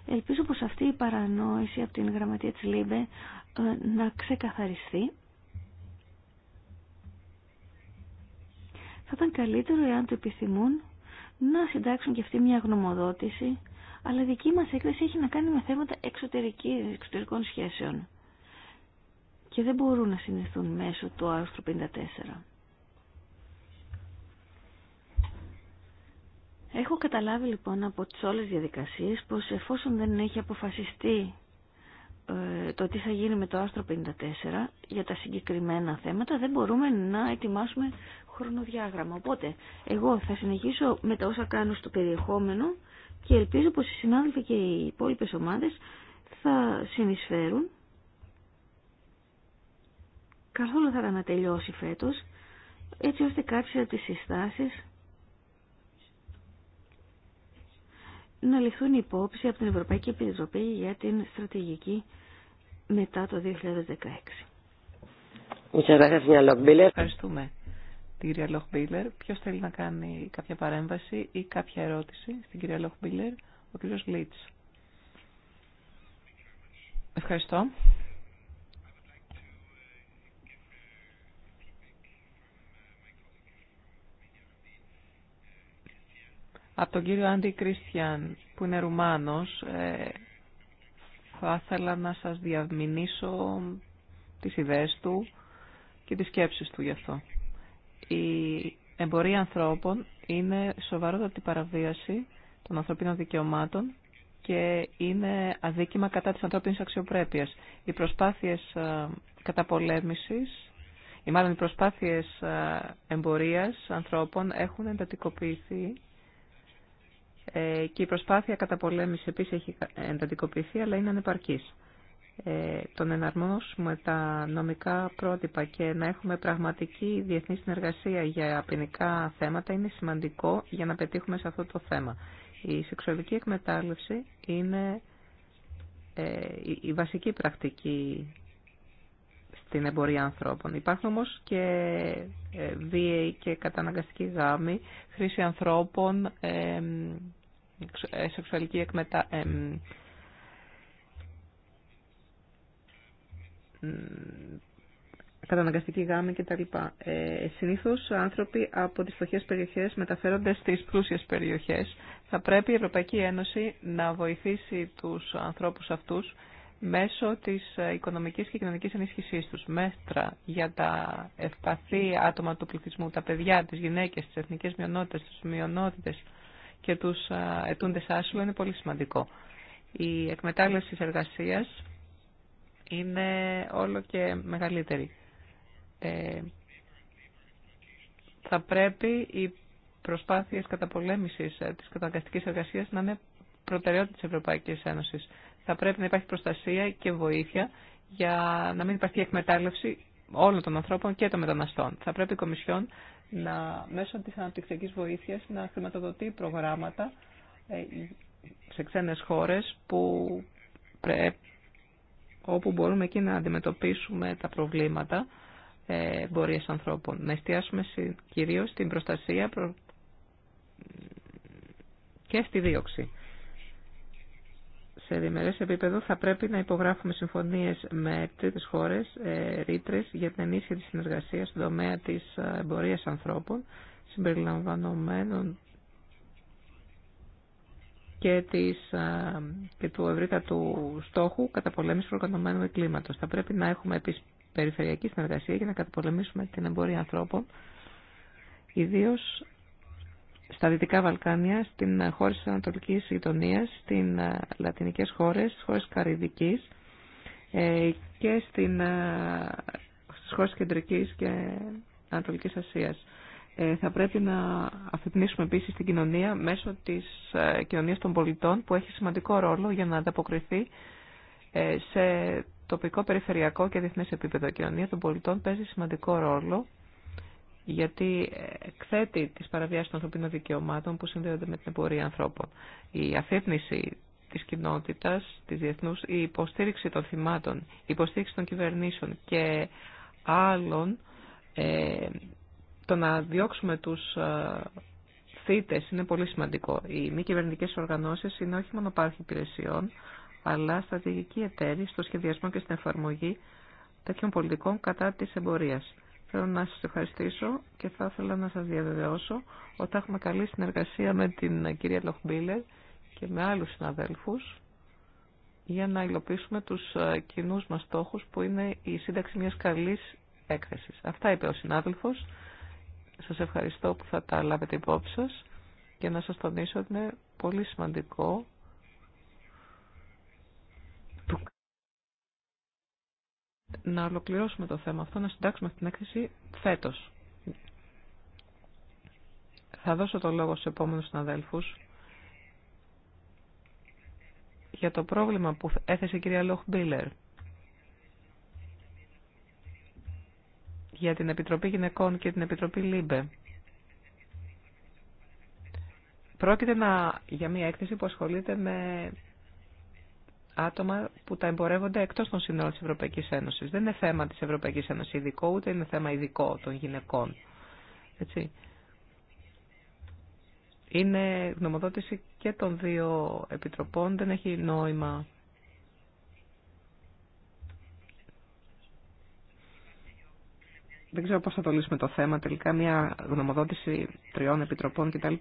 ελπίζω πως αυτή η παρανόηση από την γραμματεία της ΛΥΜΠΕ ε, να ξεκαθαριστεί θα ήταν καλύτερο εάν το επιθυμούν να συντάξουν και αυτή μια γνωμοδότηση αλλά δική μας έκθεση έχει να κάνει με θέματα εξωτερικών σχέσεων και δεν μπορούν να συνδεθούν μέσω του άρθρου 54. Έχω καταλάβει λοιπόν από τις όλες τις διαδικασίες πως εφόσον δεν έχει αποφασιστεί ε, το τι θα γίνει με το Άστρο 54 για τα συγκεκριμένα θέματα δεν μπορούμε να ετοιμάσουμε χρονοδιάγραμμα. Οπότε εγώ θα συνεχίσω με τα όσα κάνω στο περιεχόμενο και ελπίζω πως οι συνάδελφοι και οι υπόλοιπε ομάδες θα συνεισφέρουν καθόλου θα ήταν να τελειώσει φέτος, έτσι ώστε κάποιες από τις συστάσεις να ληφθούν υπόψη από την Ευρωπαϊκή Επιτροπή για την στρατηγική μετά το 2016. Ευχαριστούμε. Την κυρία Λοχμπίλερ, ποιο θέλει να κάνει κάποια παρέμβαση ή κάποια ερώτηση στην κυρία Λοχμπίλερ, ο κύριος Λίτς. Ευχαριστώ. από τον κύριο Άντι Κριστιαν, που είναι Ρουμάνος, ε, θα ήθελα να σας διαμηνήσω τις ιδέες του και τις σκέψεις του γι' αυτό. Η εμπορία ανθρώπων είναι σοβαρότατη παραβίαση των ανθρωπίνων δικαιωμάτων και είναι αδίκημα κατά της ανθρώπινης αξιοπρέπειας. Οι προσπάθειες ε, καταπολέμησης ή μάλλον οι προσπάθειες ε, εμπορίας ανθρώπων έχουν εντατικοποιηθεί ε, και η προσπάθεια πολέμηση επίσης έχει εντατικοποιηθεί, αλλά είναι ανεπαρκής. Ε, τον εναρμόσουμε τα νομικά πρότυπα και να έχουμε πραγματική διεθνή συνεργασία για ποινικά θέματα είναι σημαντικό για να πετύχουμε σε αυτό το θέμα. Η σεξουαλική εκμετάλλευση είναι ε, η, βασική πρακτική στην εμπορία ανθρώπων. Υπάρχουν όμως και ε, βίαιοι και καταναγκαστικοί γάμοι, χρήση ανθρώπων, ε, ε, σεξουαλική εκμετα... Ε, καταναγκαστική γάμη κτλ. Ε, συνήθως άνθρωποι από τις φτωχές περιοχές μεταφέρονται στις πλούσιες περιοχές. Θα πρέπει η Ευρωπαϊκή Ένωση να βοηθήσει τους ανθρώπους αυτούς μέσω της οικονομικής και κοινωνικής ενίσχυσής τους. Μέτρα για τα ευπαθή άτομα του πληθυσμού, τα παιδιά, τις γυναίκες, τις εθνικές μειονότητες, τις μειονότητες, και του ετούντε άσυλο είναι πολύ σημαντικό. Η εκμετάλλευση τη εργασίας είναι όλο και μεγαλύτερη. Ε, θα πρέπει οι προσπάθειε καταπολέμησης ε, τη καταναγκαστική εργασία να είναι προτεραιότητα τη Ευρωπαϊκή Ένωση. Θα πρέπει να υπάρχει προστασία και βοήθεια για να μην υπάρχει εκμετάλλευση όλων των ανθρώπων και των μεταναστών. Θα πρέπει η Κομισιόν να, μέσω της αναπτυξιακής βοήθειας να χρηματοδοτεί προγράμματα ε, σε ξένες χώρες που όπου μπορούμε εκεί να αντιμετωπίσουμε τα προβλήματα ε, εμπορίες ανθρώπων. Να εστιάσουμε κυρίως στην προστασία και στη δίωξη σε διμερές επίπεδο θα πρέπει να υπογράφουμε συμφωνίες με τρίτες χώρες, ε, ρήτρε για την ενίσχυση της συνεργασίας στον τομέα της ε, εμπορίας ανθρώπων, συμπεριλαμβανομένων και, της, ε, και του ευρύτατου στόχου καταπολέμησης οργανωμένου κλίματος. Θα πρέπει να έχουμε επίσης περιφερειακή συνεργασία για να καταπολεμήσουμε την εμπορία ανθρώπων, ιδίως στα Δυτικά Βαλκάνια, στην χώρα της Ανατολικής Γειτονίας, στην ε, Λατινικές χώρες, στις χώρες Καρυδικής ε, και στην, ε, στις χώρες Κεντρικής και Ανατολικής Ασίας. θα πρέπει να αφυπνίσουμε επίσης την κοινωνία μέσω της κοινωνίας των πολιτών που έχει σημαντικό ρόλο για να ανταποκριθεί σε τοπικό, περιφερειακό και διεθνές επίπεδο. Η κοινωνία των πολιτών παίζει σημαντικό ρόλο γιατί εκθέτει τις παραβιάσεις των ανθρωπίνων δικαιωμάτων που συνδέονται με την εμπορία ανθρώπων. Η αφύπνιση της κοινότητας, της διεθνούς, η υποστήριξη των θυμάτων, η υποστήριξη των κυβερνήσεων και άλλων, ε, το να διώξουμε τους ε, είναι πολύ σημαντικό. Οι μη κυβερνητικές οργανώσεις είναι όχι μόνο πάροχοι υπηρεσιών, αλλά στρατηγική εταίρη στο σχεδιασμό και στην εφαρμογή τέτοιων πολιτικών κατά της εμπορίας. Θέλω να σας ευχαριστήσω και θα ήθελα να σας διαβεβαιώσω ότι έχουμε καλή συνεργασία με την κυρία Λοχμπίλερ και με άλλους συναδέλφους για να υλοποιήσουμε τους ε, κοινούς μας στόχους που είναι η σύνταξη μιας καλής έκθεσης. Αυτά είπε ο συνάδελφος. Σας ευχαριστώ που θα τα λάβετε υπόψη σας και να σας τονίσω ότι είναι πολύ σημαντικό να ολοκληρώσουμε το θέμα αυτό, να συντάξουμε την έκθεση φέτος. Θα δώσω το λόγο στους επόμενους συναδέλφους για το πρόβλημα που έθεσε η κυρία Λόχ Μπίλερ για την Επιτροπή Γυναικών και την Επιτροπή Λίμπε. Πρόκειται να, για μια έκθεση που ασχολείται με άτομα που τα εμπορεύονται εκτό των σύνορων τη Ευρωπαϊκή Ένωση. Δεν είναι θέμα τη Ευρωπαϊκής Ένωση ειδικό, ούτε είναι θέμα ειδικό των γυναικών. Έτσι. Είναι γνωμοδότηση και των δύο επιτροπών, δεν έχει νόημα δεν ξέρω πώς θα το λύσουμε το θέμα, τελικά μια γνωμοδότηση τριών επιτροπών κτλ.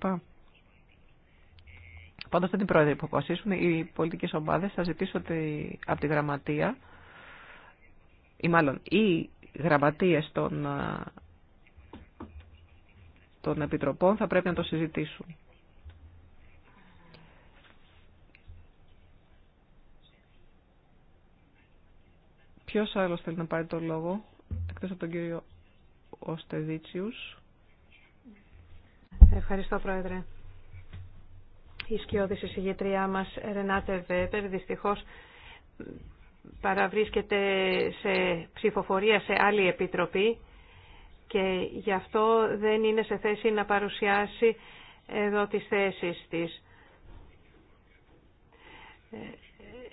Πάντω δεν την πρόεδρε που αποφασίσουν. Οι πολιτικές ομάδε. θα ζητήσω ότι από τη γραμματεία ή μάλλον οι γραμματείες των, των επιτροπών θα πρέπει να το συζητήσουν. Ποιο άλλο θέλει να πάρει το λόγο, εκτός από τον κύριο Οστεδίτσιου. Ευχαριστώ, Πρόεδρε. Η σκιώδηση συγγετριά μας Ρενάτε Βέπερ δυστυχώς παραβρίσκεται σε ψηφοφορία σε άλλη επιτροπή και γι' αυτό δεν είναι σε θέση να παρουσιάσει εδώ τις θέσεις της.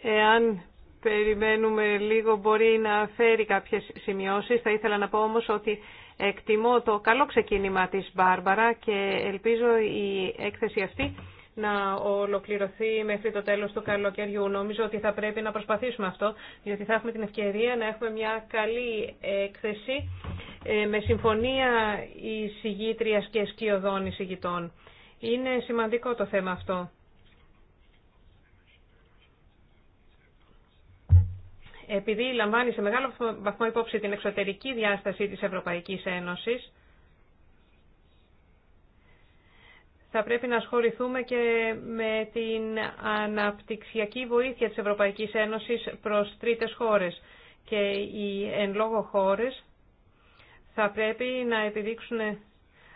Εάν περιμένουμε λίγο μπορεί να φέρει κάποιες σημειώσεις. Θα ήθελα να πω όμως ότι εκτιμώ το καλό ξεκίνημα της Μπάρμπαρα και ελπίζω η έκθεση αυτή να ολοκληρωθεί μέχρι το τέλος του καλοκαιριού. Νομίζω ότι θα πρέπει να προσπαθήσουμε αυτό, γιατί θα έχουμε την ευκαιρία να έχουμε μια καλή έκθεση ε, με συμφωνία εισηγήτριας και σκιωδών εισηγητών. Είναι σημαντικό το θέμα αυτό. Επειδή λαμβάνει σε μεγάλο βαθμό υπόψη την εξωτερική διάσταση της Ευρωπαϊκής Ένωσης, θα πρέπει να ασχοληθούμε και με την αναπτυξιακή βοήθεια της Ευρωπαϊκής Ένωσης προς τρίτες χώρες. Και οι εν λόγω χώρες θα πρέπει να επιδείξουν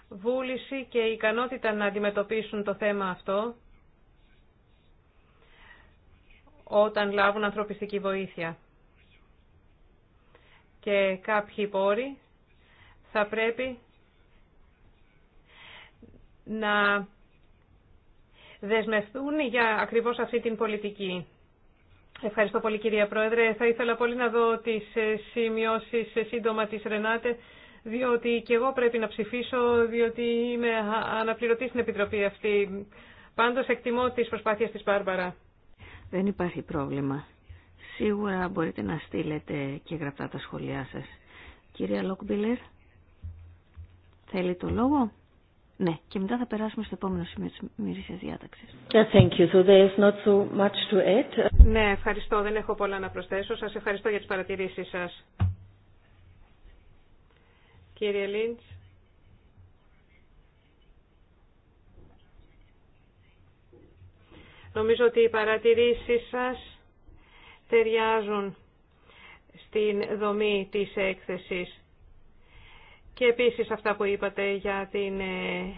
βούληση και ικανότητα να αντιμετωπίσουν το θέμα αυτό όταν λάβουν ανθρωπιστική βοήθεια. Και κάποιοι πόροι θα πρέπει να δεσμευτούν για ακριβώς αυτή την πολιτική. Ευχαριστώ πολύ κυρία Πρόεδρε. Θα ήθελα πολύ να δω τις ε, σημειώσεις ε, σύντομα της Ρενάτε, διότι και εγώ πρέπει να ψηφίσω, διότι είμαι αναπληρωτή στην Επιτροπή αυτή. Πάντως εκτιμώ τις προσπάθειες της Μπάρμπαρα. Δεν υπάρχει πρόβλημα. Σίγουρα μπορείτε να στείλετε και γραφτά τα σχόλιά σας. Κυρία Λόκμπιλερ, θέλει το λόγο. Ναι, και μετά θα περάσουμε στο επόμενο σημείο της μυρίσιας διάταξης. Thank you. So there is not so much to add. Ναι, ευχαριστώ. Δεν έχω πολλά να προσθέσω. Σας ευχαριστώ για τις παρατηρήσεις σας. Κύριε Λίντς. Νομίζω ότι οι παρατηρήσεις σας ταιριάζουν στην δομή της έκθεσης. Και επίσης αυτά που είπατε για την ε,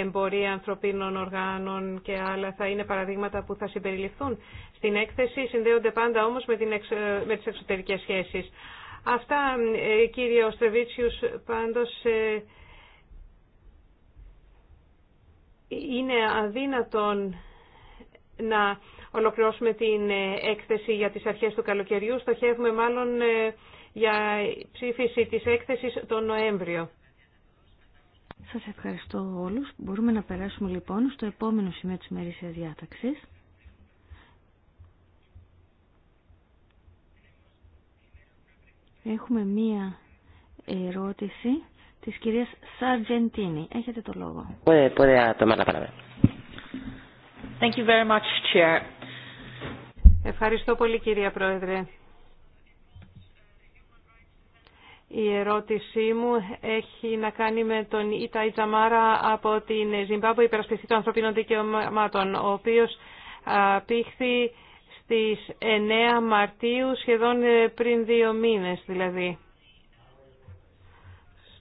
εμπορία ανθρωπίνων οργάνων και άλλα θα είναι παραδείγματα που θα συμπεριληφθούν. Στην έκθεση συνδέονται πάντα όμως με, την εξ, ε, με τις εξωτερικές σχέσεις. Αυτά, ε, κύριε Οστρεβίτσιους, πάντως είναι αδύνατον να ολοκληρώσουμε την έκθεση για τις αρχές του καλοκαιριού. Στοχεύουμε μάλλον για ψήφιση της έκθεσης τον Νοέμβριο. Σας ευχαριστώ όλους. Μπορούμε να περάσουμε λοιπόν στο επόμενο σημείο της μερίσιας διάταξης. Έχουμε μία ερώτηση της κυρίας Σαρτζεντίνη. Έχετε το λόγο. Thank you very much, Chair. Ευχαριστώ πολύ κυρία Πρόεδρε. Η ερώτησή μου έχει να κάνει με τον Ιτα Ιτζαμάρα από την Ζιμπάμπου Υπερασπιστή των Ανθρωπίνων Δικαιωμάτων, ο οποίος πήχθη στις 9 Μαρτίου, σχεδόν ε, πριν δύο μήνες δηλαδή,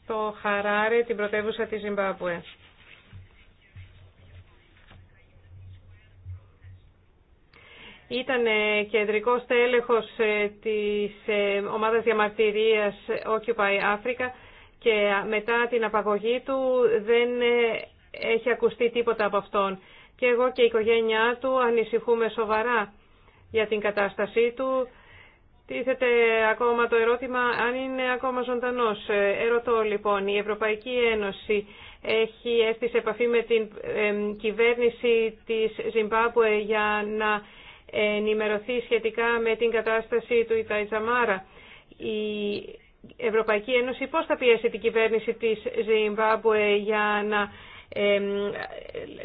στο Χαράρε, την πρωτεύουσα της Ζιμπάμπουε. Ήταν ε, κεντρικός τέλεχος ε, της ε, ομάδας διαμαρτυρίας Occupy Africa και μετά την απαγωγή του δεν έχει ακουστεί τίποτα από αυτόν. Και εγώ και η οικογένειά του ανησυχούμε σοβαρά για την κατάστασή του. Τίθεται ακόμα το ερώτημα αν είναι ακόμα ζωντανός. Ερωτώ λοιπόν, η Ευρωπαϊκή Ένωση έχει έρθει σε επαφή με την κυβέρνηση της Ζιμπάμπουε για να ενημερωθεί σχετικά με την κατάσταση του Ιταϊζαμάρα. Η Ευρωπαϊκή Ένωση πώς θα πιέσει την κυβέρνηση της Ζιμπάμπουε για να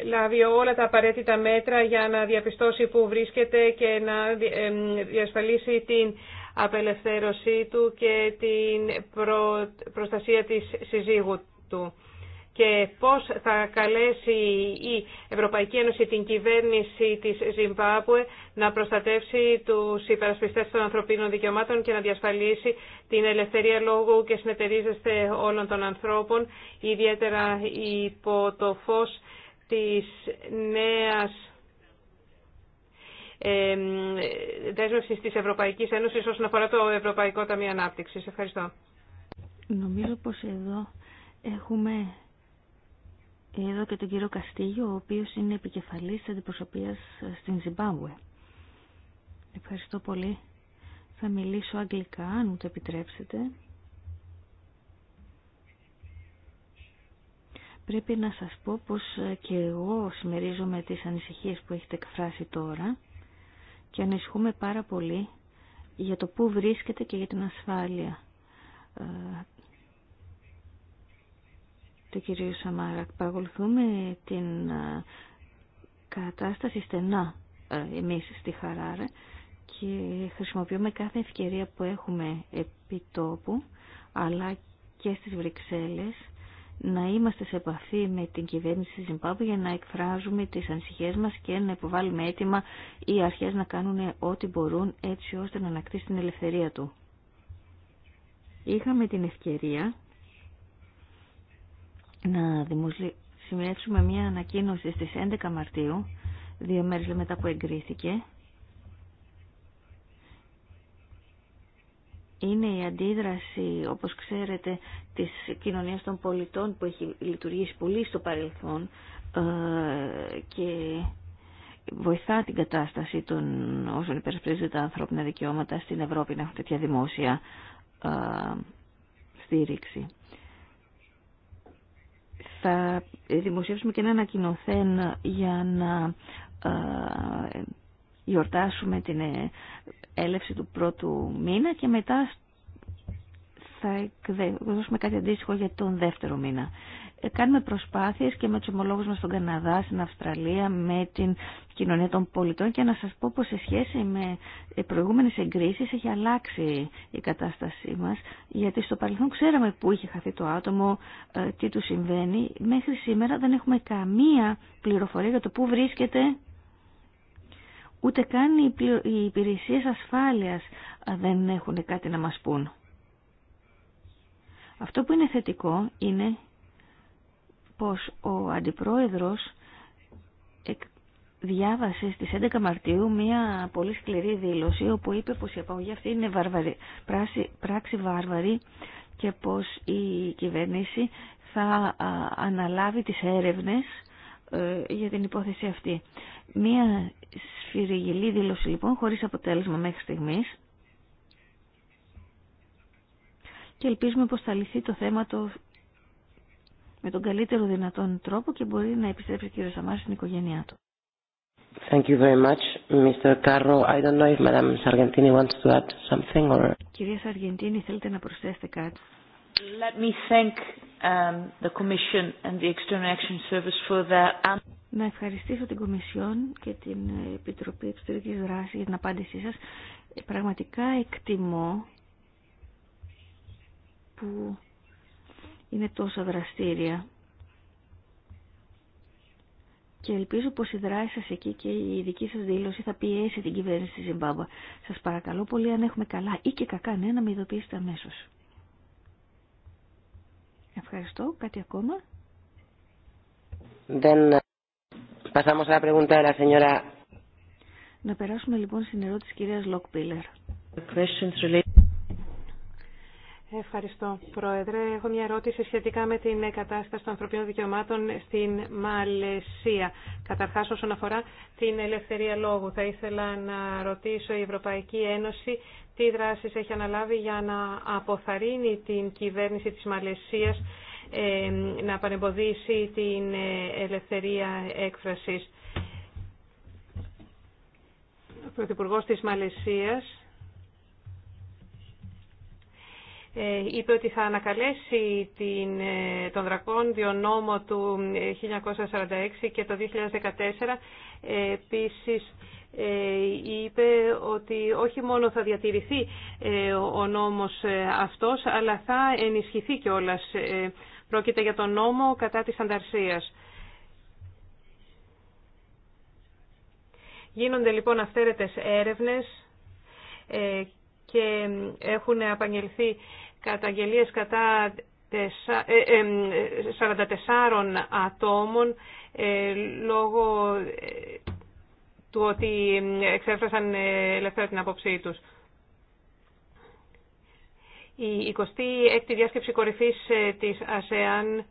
λάβει όλα τα απαραίτητα μέτρα για να διαπιστώσει που βρίσκεται και να διασφαλίσει την απελευθέρωσή του και την προστασία της συζύγου του και πώς θα καλέσει η Ευρωπαϊκή Ένωση την κυβέρνηση της Ζιμπάμπουε να προστατεύσει τους υπερασπιστές των ανθρωπίνων δικαιωμάτων και να διασφαλίσει την ελευθερία λόγου και συνεταιρίζεστε όλων των ανθρώπων, ιδιαίτερα υπό το φως της νέας ε, δέσμευσης της Ευρωπαϊκής Ένωσης όσον αφορά το Ευρωπαϊκό Ταμείο Ανάπτυξης. Ευχαριστώ. Νομίζω πως εδώ έχουμε εδώ και τον κύριο Καστίγιο, ο οποίος είναι επικεφαλής αντιπροσωπείας στην Ζιμπάμπουε. Ευχαριστώ πολύ. Θα μιλήσω αγγλικά, αν μου το επιτρέψετε. Πρέπει να σας πω πως και εγώ συμμερίζομαι τις ανησυχίες που έχετε εκφράσει τώρα και ανησυχούμε πάρα πολύ για το πού βρίσκεται και για την ασφάλεια ε, του κυρίου Σαμάρα. Παρακολουθούμε την ε, κατάσταση στενά ε, εμείς στη Χαράρε και χρησιμοποιούμε κάθε ευκαιρία που έχουμε επί τόπου αλλά και στις Βρυξέλλες να είμαστε σε επαφή με την κυβέρνηση της Ζιμπάμπου για να εκφράζουμε τις ανησυχίες μας και να υποβάλουμε έτοιμα οι αρχές να κάνουν ό,τι μπορούν έτσι ώστε να ανακτήσει την ελευθερία του. Είχαμε την ευκαιρία να δημοσιεύσουμε μια ανακοίνωση στις 11 Μαρτίου, δύο μέρες μετά που εγκρίθηκε. Είναι η αντίδραση, όπως ξέρετε, της κοινωνίας των πολιτών που έχει λειτουργήσει πολύ στο παρελθόν ε, και βοηθά την κατάσταση των όσων υπερασπίζονται τα ανθρώπινα δικαιώματα στην Ευρώπη να έχουν τέτοια δημόσια ε, στήριξη θα δημοσιεύσουμε και ένα ανακοινωθέν για να ε, γιορτάσουμε την ε, έλευση του πρώτου μήνα και μετά θα δώσουμε κάτι αντίστοιχο για τον δεύτερο μήνα. Ε, κάνουμε προσπάθειες και με τους ομολόγους μας στον Καναδά, στην Αυστραλία, με την κοινωνία των πολιτών και να σας πω πως σε σχέση με ε, προηγούμενες εγκρίσεις έχει αλλάξει η κατάστασή μας γιατί στο παρελθόν ξέραμε πού είχε χαθεί το άτομο, ε, τι του συμβαίνει. Μέχρι σήμερα δεν έχουμε καμία πληροφορία για το πού βρίσκεται ούτε καν οι υπηρεσίες ασφάλειας δεν έχουν κάτι να μας πούν. Αυτό που είναι θετικό είναι πως ο Αντιπρόεδρος διάβασε στις 11 Μαρτίου μία πολύ σκληρή δήλωση όπου είπε πως η απαγωγή αυτή είναι βαρβαρή, πράξη, πράξη βάρβαρη και πως η κυβέρνηση θα αναλάβει τις έρευνες ε, για την υπόθεση αυτή. Μία σφυριγγυλή δήλωση λοιπόν χωρίς αποτέλεσμα μέχρι στιγμής και ελπίζουμε πως θα λυθεί το θέμα το με τον καλύτερο δυνατόν τρόπο και μπορεί να επιστρέψει ο κύριος Σαμάρ στην οικογένειά του. Thank you very much, Mr. Carro. I don't know if Madam Sargentini wants to add something or... Κυρία Σαργεντίνη, θέλετε να προσθέσετε κάτι. Let me thank um, the Commission and the External Action Service for their... Να ευχαριστήσω την Κομισιόν και την ε, Επιτροπή Εξωτερικής Δράσης για την απάντησή σας. Ε, πραγματικά εκτιμώ που είναι τόσο δραστήρια. Και ελπίζω πως η δράση σας εκεί και η δική σας δήλωση θα πιέσει την κυβέρνηση της Ζιμπάμπα. Σας παρακαλώ πολύ αν έχουμε καλά ή και κακά νέα να με ειδοποιήσετε αμέσω. Ευχαριστώ. Κάτι ακόμα. Δεν... Να περάσουμε λοιπόν στην ερώτηση κυρίας Λοκπίλερ. Ευχαριστώ, Πρόεδρε. Έχω μια ερώτηση σχετικά με την κατάσταση των ανθρωπίνων δικαιωμάτων στην Μαλαισία. Καταρχάς, όσον αφορά την ελευθερία λόγου, θα ήθελα να ρωτήσω η Ευρωπαϊκή Ένωση τι δράσει έχει αναλάβει για να αποθαρρύνει την κυβέρνηση της Μαλαισίας ε, να παρεμποδίσει την ελευθερία έκφραση. Ο της Ε, είπε ότι θα ανακαλέσει την, ε, τον δρακόντιο νόμο του 1946 ε, και το 2014 επίσης είπε ότι όχι μόνο θα διατηρηθεί ο νόμος αυτός αλλά θα ενισχυθεί κιόλας. Πρόκειται για τον νόμο κατά της ανταρσίας. Γίνονται λοιπόν αυτέρετες έρευνες και έχουν απαγγελθεί καταγγελίες κατά 44 ε, ε, ατόμων ε, λόγω του ότι εξέφρασαν ελεύθερα την απόψή τους. Η 26η διάσκεψη κορυφής της ΑΣΕΑΝ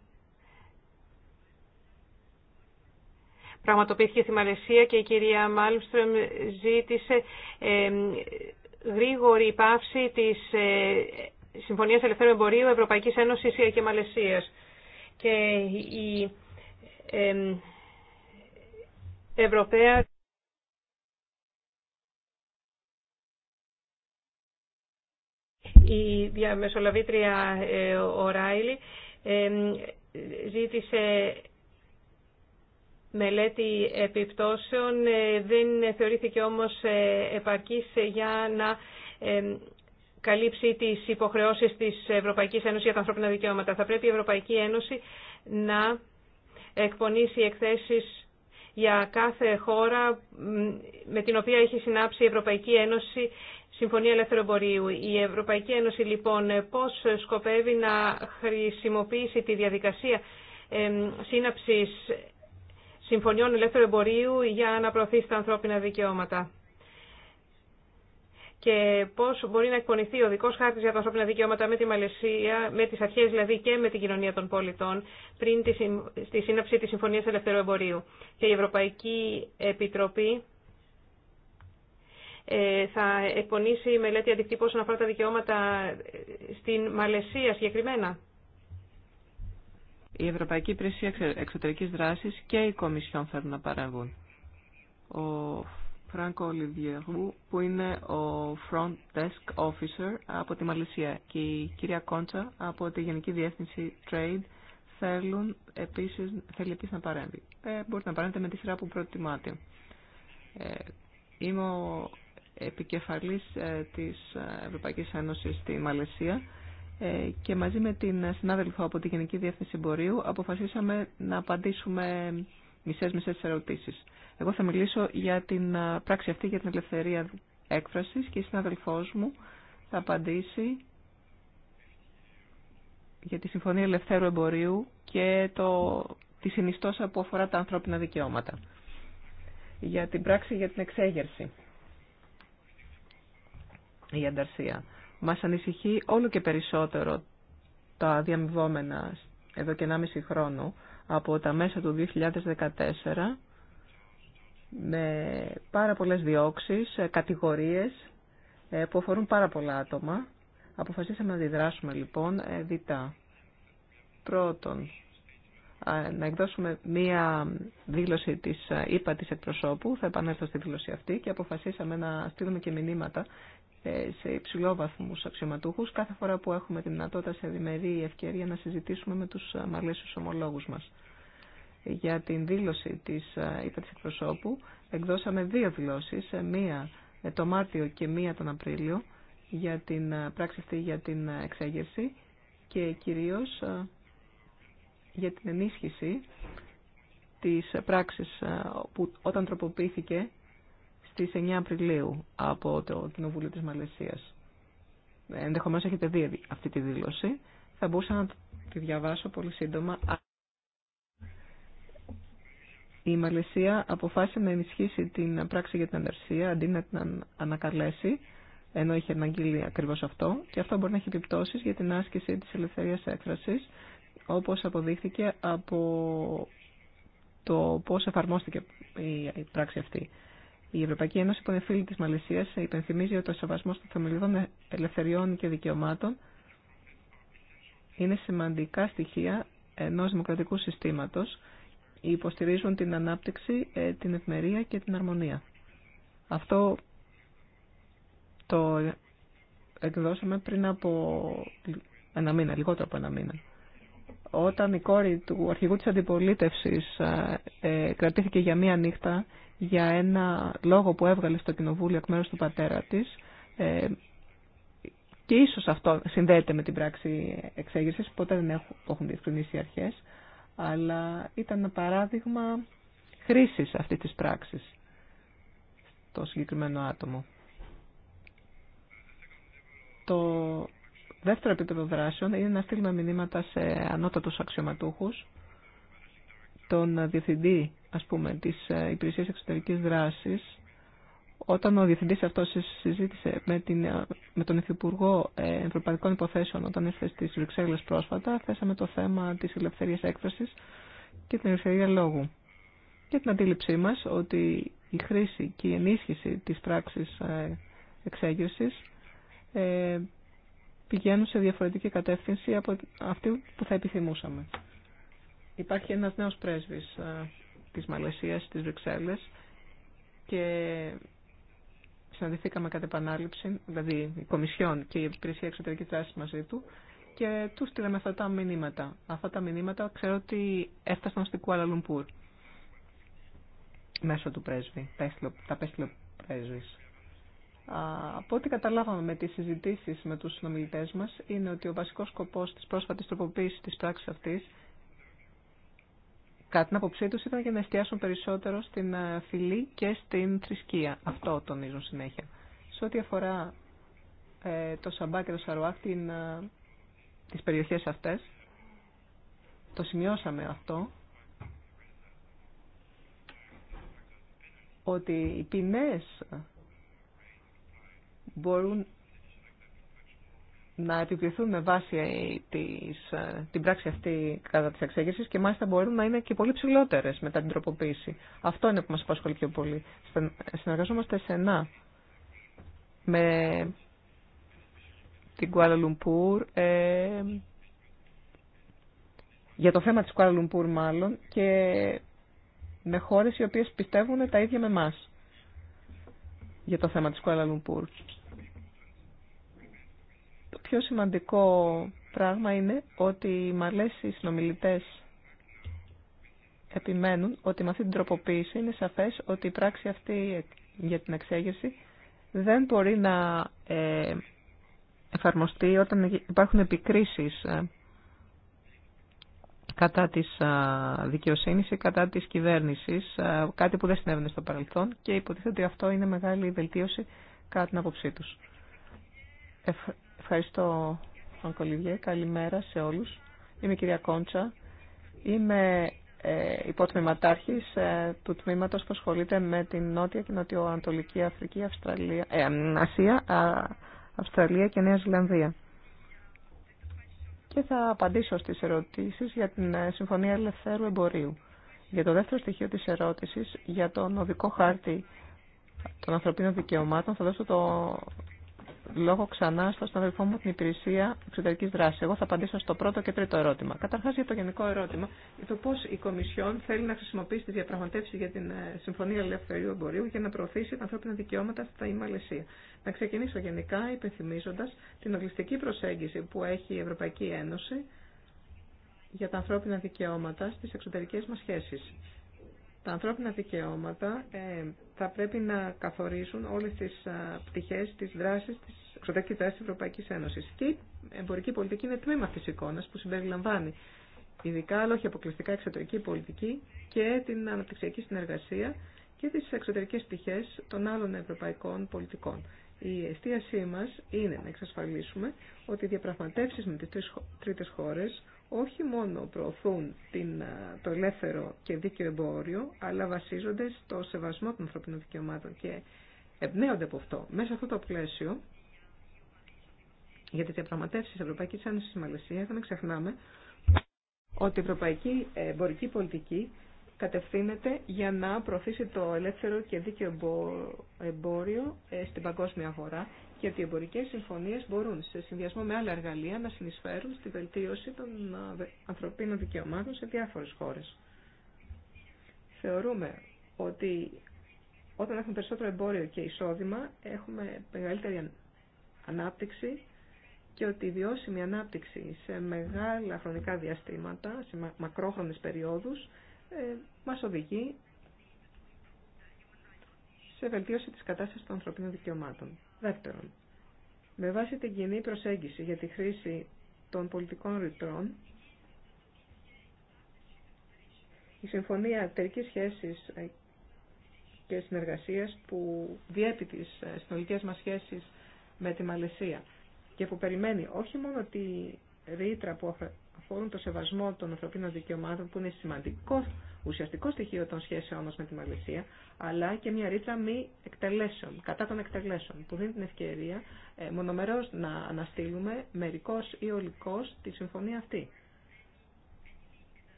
πραγματοποιήθηκε στη Μαλαισία και η κυρία Μάλμστρομ ζήτησε γρήγορη πάυση της Συμφωνία Ελευθέρου Εμπορίου Ευρωπαϊκής Ένωσης και Μαλαισία. Και η Ευρωπαία... Η διαμεσολαβήτρια ο ε, Ράιλι ζήτησε μελέτη επιπτώσεων, ε, δεν θεωρήθηκε όμως ε, επαρκής για να καλύψει τι υποχρεώσεις της Ευρωπαϊκής Ένωσης για τα ανθρώπινα δικαιώματα. Θα πρέπει η Ευρωπαϊκή Ένωση να εκπονήσει εκθέσει για κάθε χώρα με την οποία έχει συνάψει η Ευρωπαϊκή Ένωση Συμφωνία Ελεύθερου Εμπορίου. Η Ευρωπαϊκή Ένωση λοιπόν πώς σκοπεύει να χρησιμοποιήσει τη διαδικασία σύναψης Συμφωνιών Ελεύθερου Εμπορίου για να προωθήσει τα ανθρώπινα δικαιώματα και πώς μπορεί να εκπονηθεί ο δικό χάρτη για τα ανθρώπινα δικαιώματα με τη Μαλαισία, με τις αρχέ δηλαδή και με την κοινωνία των πολιτών πριν τη, στη σύναψη τη συμφωνία Ελευθερού Εμπορίου. Και η Ευρωπαϊκή Επιτροπή ε, θα εκπονήσει μελέτη αντικτύπου όσον αφορά τα δικαιώματα ε, στην Μαλαισία συγκεκριμένα. Η Ευρωπαϊκή Υπηρεσία Εξωτερικής Δράσης και οι Κομισιόν θέλουν να παρέμβουν. Ο Φράνκο Ολιβιερού, που είναι ο Front Desk Officer από τη Μαλισία και η κυρία Κόντσα από τη Γενική Διεύθυνση Trade θέλουν επίσης, θέλει επίσης να παρέμβει. Ε, μπορείτε να παρέμβετε με τη σειρά που προτιμάτε. Ε, είμαι ο επικεφαλής ε, της Ευρωπαϊκής Ένωσης στη Μαλαισία ε, και μαζί με την συνάδελφο από τη Γενική Διεύθυνση Εμπορίου αποφασίσαμε να απαντήσουμε μισές-μισές ερωτήσεις. Εγώ θα μιλήσω για την ε, πράξη αυτή για την ελευθερία έκφρασης και η συναδελφός μου θα απαντήσει για τη Συμφωνία Ελευθέρου Εμπορίου και το, τη συνιστόσα που αφορά τα ανθρώπινα δικαιώματα. Για την πράξη για την εξέγερση. Η ανταρσία. Μας ανησυχεί όλο και περισσότερο τα διαμοιβόμενα εδώ και 1,5 χρόνο από τα μέσα του 2014 με πάρα πολλές διώξεις, ε, κατηγορίες ε, που αφορούν πάρα πολλά άτομα. Αποφασίσαμε να αντιδράσουμε λοιπόν ε, διτά. Πρώτον, να εκδώσουμε μία δήλωση της ΥΠΑ της εκπροσώπου, θα επανέλθω στη δήλωση αυτή και αποφασίσαμε να στείλουμε και μηνύματα σε βαθμού αξιωματούχου κάθε φορά που έχουμε τη δυνατότητα σε διμερή ευκαιρία να συζητήσουμε με τους μαλέσιους ομολόγου μα για την δήλωση της είπα της εκπροσώπου. Εκδώσαμε δύο δηλώσεις, ε, μία ε, το Μάρτιο και μία τον Απρίλιο για την ε, πράξη αυτή για την εξέγερση και κυρίως για την ενίσχυση της πράξης που όταν τροποποιήθηκε στις 9 Απριλίου από το Κοινοβούλιο της Μαλαισίας. Ενδεχομένως έχετε δει αυτή τη δήλωση. Θα μπορούσα να τη διαβάσω πολύ σύντομα η Μαλαισία αποφάσισε να ενισχύσει την πράξη για την ανεργία αντί να την ανακαλέσει, ενώ είχε αναγγείλει ακριβώ αυτό, και αυτό μπορεί να έχει επιπτώσει για την άσκηση τη ελευθερία έκφρασης, όπω αποδείχθηκε από το πώ εφαρμόστηκε η πράξη αυτή. Η Ευρωπαϊκή Ένωση που είναι φίλη της Μαλαισία, υπενθυμίζει ότι ο σεβασμό των θεμελιωδών ελευθεριών και δικαιωμάτων είναι σημαντικά στοιχεία ενό δημοκρατικού συστήματο υποστηρίζουν την ανάπτυξη, ε, την ευμερία και την αρμονία. Αυτό το εκδώσαμε πριν από ένα μήνα, λιγότερο από ένα μήνα. Όταν η κόρη του αρχηγού της αντιπολίτευσης ε, ε, κρατήθηκε για μία νύχτα για ένα λόγο που έβγαλε στο κοινοβούλιο εκ μέρους του πατέρα της ε, και ίσως αυτό συνδέεται με την πράξη εξέγερσης, ποτέ δεν έχουν, έχουν διευκρινίσει οι αρχές, αλλά ήταν ένα παράδειγμα χρήσης αυτή της πράξης στο συγκεκριμένο άτομο. Το δεύτερο επίπεδο δράσεων είναι να στείλουμε μηνύματα σε ανώτατους αξιωματούχους, τον διευθυντή, ας πούμε, της ε, Υπηρεσίας Εξωτερικής Δράσης όταν ο διευθυντή αυτός συζήτησε με, την, με τον Υφυπουργό ε, Ευρωπαϊκών Υποθέσεων όταν ήρθε στι Βρυξέλλε πρόσφατα, θέσαμε το θέμα της ελευθερίας έκφραση και την ελευθερία λόγου. Και την αντίληψή μας ότι η χρήση και η ενίσχυση της πράξης ε, εξέγερσης ε, πηγαίνουν σε διαφορετική κατεύθυνση από αυτή που θα επιθυμούσαμε. Υπάρχει ένας νέος πρέσβης της Μαλαισίας, της Βρυξέλλες και συναντηθήκαμε κατά επανάληψη, δηλαδή η Κομισιόν και η Υπηρεσία Εξωτερική Δράση μαζί του και του στείλαμε αυτά τα μηνύματα. Αυτά τα μηνύματα ξέρω ότι έφτασαν στην Κουάλα Λουμπούρ μέσω του πρέσβη, τα ο πρέσβη. Από ό,τι καταλάβαμε με τις συζητήσει με τους συνομιλητέ μας είναι ότι ο βασικό σκοπό τη πρόσφατης τροποποίηση τη πράξη αυτή. Κατά την άποψή του ήταν για να εστιάσουν περισσότερο στην ε, φυλή και στην θρησκεία. Αυτό τονίζουν συνέχεια. Σε ό,τι αφορά ε, το Σαμπά και το Σαρουάχ, την, ε, τις περιοχές αυτές, το σημειώσαμε αυτό, ότι οι ποινές μπορούν να επιβληθούν με βάση ε, της, ε, την πράξη αυτή κατά της εξέγερση και μάλιστα μπορούν να είναι και πολύ ψηλότερε μετά την τροποποίηση. Αυτό είναι που μα απασχολεί πιο πολύ. Συνεργαζόμαστε σενά, με την Κουάλα ε, για το θέμα της Κουάλα μάλλον, και με χώρες οι οποίες πιστεύουν τα ίδια με μας για το θέμα της Κουάλα το πιο σημαντικό πράγμα είναι ότι οι Μαλέσοι συνομιλητές επιμένουν ότι με αυτή την τροποποίηση είναι σαφές ότι η πράξη αυτή για την εξέγερση δεν μπορεί να ε, εφαρμοστεί όταν υπάρχουν επικρίσεις ε, κατά της δικαιοσύνης ή κατά της κυβέρνησης, κάτι που δεν συνέβαινε στο παρελθόν και υποτίθεται ότι αυτό είναι μεγάλη βελτίωση κατά την άποψή τους. Ευχαριστώ, Αγκολίβια. Καλημέρα σε όλους. Είμαι η κυρία Κόντσα. Είμαι ε, ε, του τμήματος που ασχολείται με την Νότια και Νοτιοανατολική Αφρική, Αυστραλία, ε, Ασία, Αυστραλία και Νέα Ζηλανδία. Και θα απαντήσω στις ερωτήσεις για την ε, Συμφωνία Ελευθέρου Εμπορίου. Για το δεύτερο στοιχείο της ερώτηση για τον οδικό χάρτη των ανθρωπίνων δικαιωμάτων, θα δώσω το, Λόγω, ξανά στον αδελφό μου την υπηρεσία εξωτερική δράση. Εγώ θα απαντήσω στο πρώτο και τρίτο ερώτημα. Καταρχά για το γενικό ερώτημα, για το πώ η Κομισιόν θέλει να χρησιμοποιήσει τη διαπραγματεύση για την ε, Συμφωνία Ελευθερίου Εμπορίου για να προωθήσει τα ανθρώπινα δικαιώματα στα ημαλαισία. Να ξεκινήσω γενικά υπενθυμίζοντα την ολιστική προσέγγιση που έχει η Ευρωπαϊκή Ένωση για τα ανθρώπινα δικαιώματα στι εξωτερικέ μα σχέσει. Τα ανθρώπινα δικαιώματα ε, θα πρέπει να καθορίσουν όλες τις ε, πτυχές τη δράσης, της εξωτερικής δράσης της Ευρωπαϊκής Ένωσης. Και η εμπορική πολιτική είναι τμήμα αυτής της εικόνας που συμπεριλαμβάνει ειδικά, αλλά όχι αποκλειστικά, εξωτερική πολιτική και την αναπτυξιακή συνεργασία και τις εξωτερικές πτυχές των άλλων ευρωπαϊκών πολιτικών. Η εστίασή μας είναι να εξασφαλίσουμε ότι οι διαπραγματεύσεις με τις τρίτες χώρες όχι μόνο προωθούν ε, το ελεύθερο και δίκαιο εμπόριο, αλλά βασίζονται στο σεβασμό των ανθρωπίνων δικαιωμάτων και εμπνέονται από αυτό. Μέσα σε αυτό το πλαίσιο, για τι διαπραγματεύσει της Ευρωπαϊκής Ένωση στη Μαλαισία, δεν ξεχνάμε ότι η ευρωπαϊκή εμπορική πολιτική κατευθύνεται για να προωθήσει το ελεύθερο και δίκαιο εμπόριο ε, στην παγκόσμια αγορά γιατί οι εμπορικέ συμφωνίε μπορούν σε συνδυασμό με άλλα εργαλεία να συνεισφέρουν στη βελτίωση των ε, ανθρωπίνων δικαιωμάτων σε διάφορες χώρες. Θεωρούμε ότι όταν έχουμε περισσότερο εμπόριο και εισόδημα έχουμε μεγαλύτερη ανάπτυξη και ότι η βιώσιμη ανάπτυξη σε μεγάλα χρονικά διαστήματα, σε μακρόχρονες περιόδους, ε, μας οδηγεί σε βελτίωση της κατάστασης των ανθρωπίνων δικαιωμάτων. Δεύτερον, με βάση την κοινή προσέγγιση για τη χρήση των πολιτικών ρητρών, η Συμφωνία τερικής Σχέσης και Συνεργασίας που διέπει τις συνολικές μας σχέσεις με τη Μαλαισία και που περιμένει όχι μόνο τη ρήτρα που αφορούν το σεβασμό των ανθρωπίνων δικαιωμάτων που είναι σημαντικό ουσιαστικό στοιχείο των σχέσεών μας με τη Μαλαισία, αλλά και μια ρήτρα μη εκτελέσεων, κατά των εκτελέσεων, που δίνει την ευκαιρία ε, μονομερώς να αναστείλουμε μερικός ή ολικώ τη συμφωνία αυτή.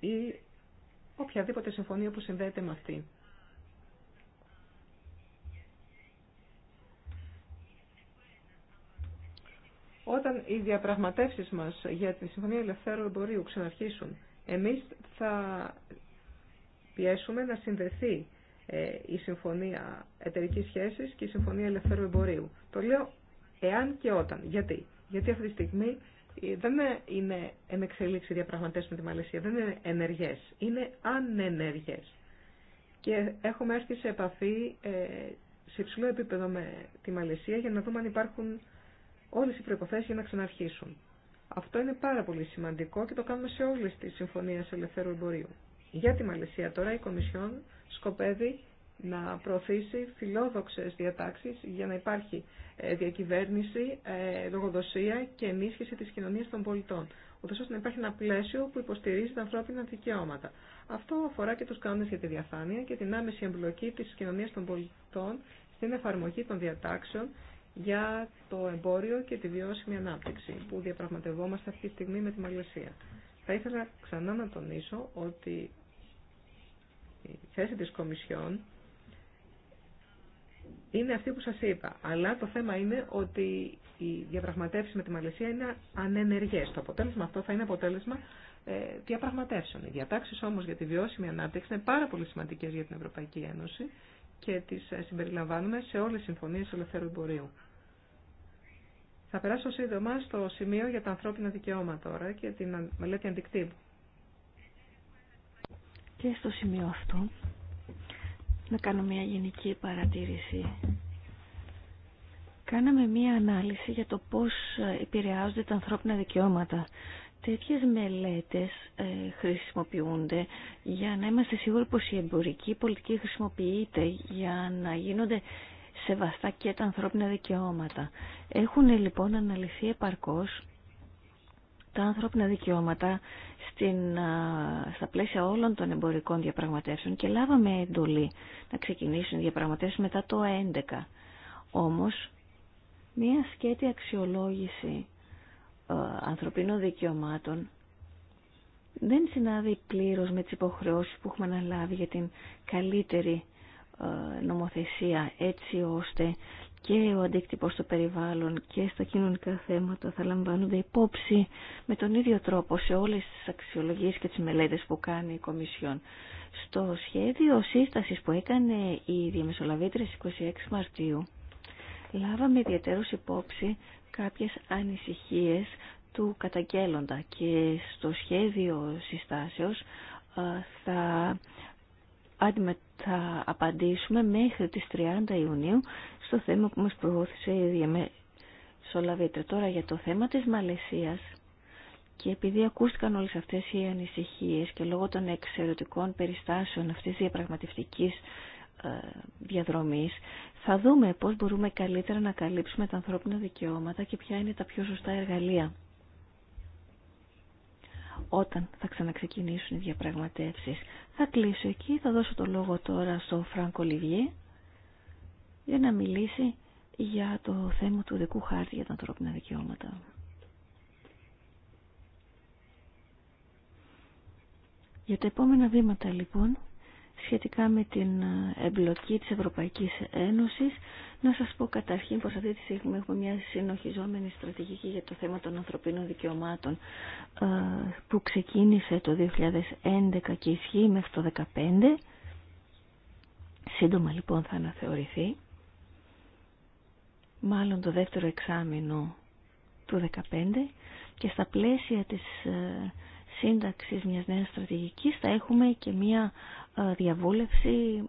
Ή οποιαδήποτε συμφωνία που συνδέεται με αυτή. Όταν οι διαπραγματεύσεις μας για τη Συμφωνία Ελευθέρου Εμπορίου ξαναρχίσουν, εμείς θα πιέσουμε να συνδεθεί ε, η Συμφωνία εταιρική σχέση και η Συμφωνία Ελευθέρου Εμπορίου. Το λέω εάν και όταν. Γιατί. Γιατί αυτή τη στιγμή ε, δεν είναι εν εξελίξη με τη Μαλαισία, δεν είναι ενεργές, είναι ανενεργές. Και έχουμε έρθει σε επαφή ε, σε υψηλό επίπεδο με τη Μαλαισία για να δούμε αν υπάρχουν όλες οι προϋποθέσεις για να ξαναρχίσουν. Αυτό είναι πάρα πολύ σημαντικό και το κάνουμε σε όλες τις συμφωνίες ελευθέρου εμπορίου. Για τη Μαλαισία τώρα η Κομισιόν σκοπεύει να προωθήσει φιλόδοξες διατάξεις για να υπάρχει ε, διακυβέρνηση, ε, λογοδοσία και ενίσχυση της κοινωνίας των πολιτών, ούτως ώστε να υπάρχει ένα πλαίσιο που υποστηρίζει τα ανθρώπινα δικαιώματα. Αυτό αφορά και τους κανόνες για τη διαφάνεια και την άμεση εμπλοκή της κοινωνίας των πολιτών στην εφαρμογή των διατάξεων για το εμπόριο και τη βιώσιμη ανάπτυξη που διαπραγματευόμαστε αυτή τη στιγμή με τη Μαλαισία. Θα ήθελα ξανά να τονίσω ότι η θέση της Κομισιόν είναι αυτή που σας είπα. Αλλά το θέμα είναι ότι οι διαπραγματεύσει με τη Μαλαισία είναι ανενεργές. Το αποτέλεσμα αυτό θα είναι αποτέλεσμα ε, διαπραγματεύσεων. Οι διατάξεις όμως για τη βιώσιμη ανάπτυξη είναι πάρα πολύ σημαντικές για την Ευρωπαϊκή Ένωση και τις ε, συμπεριλαμβάνουμε σε όλες τις συμφωνίες ελευθέρου εμπορίου. Θα περάσω σύντομα στο σημείο για τα ανθρώπινα δικαιώματα τώρα και την μελέτη αντικτύπου. Και στο σημείο αυτό να κάνω μια γενική παρατήρηση. Κάναμε μια ανάλυση για το πώς ε, επηρεάζονται τα ανθρώπινα δικαιώματα. Τέτοιες μελέτες ε, χρησιμοποιούνται για να είμαστε σίγουροι πως η εμπορική πολιτική χρησιμοποιείται για να γίνονται σεβαστά και τα ανθρώπινα δικαιώματα. Έχουν λοιπόν αναλυθεί επαρκώς τα ανθρώπινα δικαιώματα στην, στα πλαίσια όλων των εμπορικών διαπραγματεύσεων και λάβαμε εντολή να ξεκινήσουν οι διαπραγματεύσεις μετά το 2011. Όμως, μία σκέτη αξιολόγηση ανθρωπίνων δικαιωμάτων δεν συνάδει πλήρως με τις υποχρεώσεις που έχουμε αναλάβει για την καλύτερη νομοθεσία έτσι ώστε και ο αντίκτυπος στο περιβάλλον και στα κοινωνικά θέματα θα λαμβάνονται υπόψη με τον ίδιο τρόπο σε όλες τις αξιολογίες και τις μελέτες που κάνει η Κομισιόν. Στο σχέδιο σύστασης που έκανε η Διαμεσολαβήτρια 26 Μαρτίου λάβαμε ιδιαίτερως υπόψη κάποιες ανησυχίες του καταγγέλλοντα και στο σχέδιο συστάσεως θα θα απαντήσουμε μέχρι τις 30 Ιουνίου στο θέμα που μας προώθησε η διαμεσολαβήτρια τώρα για το θέμα της Μαλαισίας. Και επειδή ακούστηκαν όλες αυτές οι ανησυχίες και λόγω των εξαιρετικών περιστάσεων αυτής της διαπραγματευτικής ε, διαδρομής θα δούμε πώς μπορούμε καλύτερα να καλύψουμε τα ανθρώπινα δικαιώματα και ποια είναι τα πιο σωστά εργαλεία όταν θα ξαναξεκινήσουν οι διαπραγματεύσεις. Θα κλείσω εκεί, θα δώσω το λόγο τώρα στον Φρανκ Ολιβίε για να μιλήσει για το θέμα του δικού χάρτη για τα ανθρώπινα δικαιώματα. Για τα επόμενα βήματα λοιπόν σχετικά με την ε, εμπλοκή της Ευρωπαϊκής Ένωσης. Να σας πω καταρχήν πως αυτή τη στιγμή έχουμε μια συνοχιζόμενη στρατηγική για το θέμα των ανθρωπίνων δικαιωμάτων ε, που ξεκίνησε το 2011 και ισχύει μέχρι το 2015. Σύντομα λοιπόν θα αναθεωρηθεί. Μάλλον το δεύτερο εξάμεινο του 2015 και στα πλαίσια της ε, σύνταξης μιας νέας στρατηγικής θα έχουμε και μια ε, διαβούλευση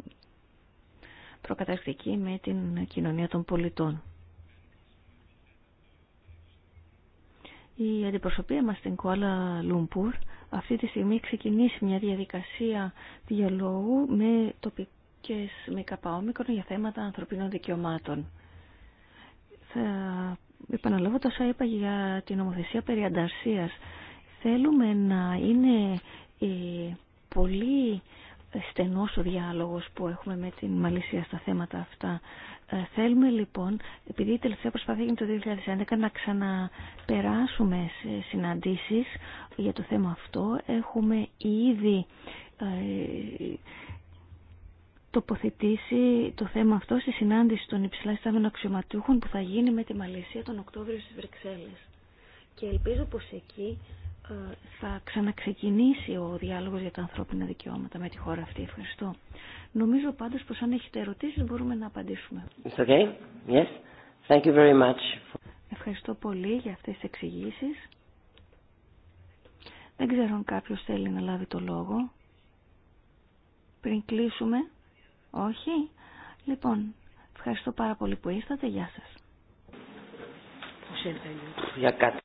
προκαταρκτική με την κοινωνία των πολιτών. Η αντιπροσωπεία μας στην Κουάλα Λουμπούρ αυτή τη στιγμή ξεκινήσει μια διαδικασία διαλόγου με τοπικές με καπαόμικρον για θέματα ανθρωπίνων δικαιωμάτων. Θα επαναλάβω όσα είπα για την νομοθεσία περί ανταρσίας. Θέλουμε να είναι ε, πολύ στενός ο διάλογος που έχουμε με τη μαλίσια στα θέματα αυτά. Ε, θέλουμε λοιπόν, επειδή η τελευταία προσπάθεια το 2011, να ξαναπεράσουμε σε συναντήσεις για το θέμα αυτό. Έχουμε ήδη ε, τοποθετήσει το θέμα αυτό στη συνάντηση των υψηλά στάμενων αξιωματούχων που θα γίνει με τη Μαλαισία τον Οκτώβριο στις Βρυξέλλες. Και ελπίζω πως εκεί θα ξαναξεκινήσει ο διάλογος για τα ανθρώπινα δικαιώματα με τη χώρα αυτή. Ευχαριστώ. Νομίζω πάντως πως αν έχετε ερωτήσεις μπορούμε να απαντήσουμε. Ευχαριστώ πολύ για αυτές τις εξηγήσει. Δεν ξέρω αν κάποιος θέλει να λάβει το λόγο. Πριν κλείσουμε. Όχι. Λοιπόν, ευχαριστώ πάρα πολύ που ήρθατε. Γεια σας. Για κάτι.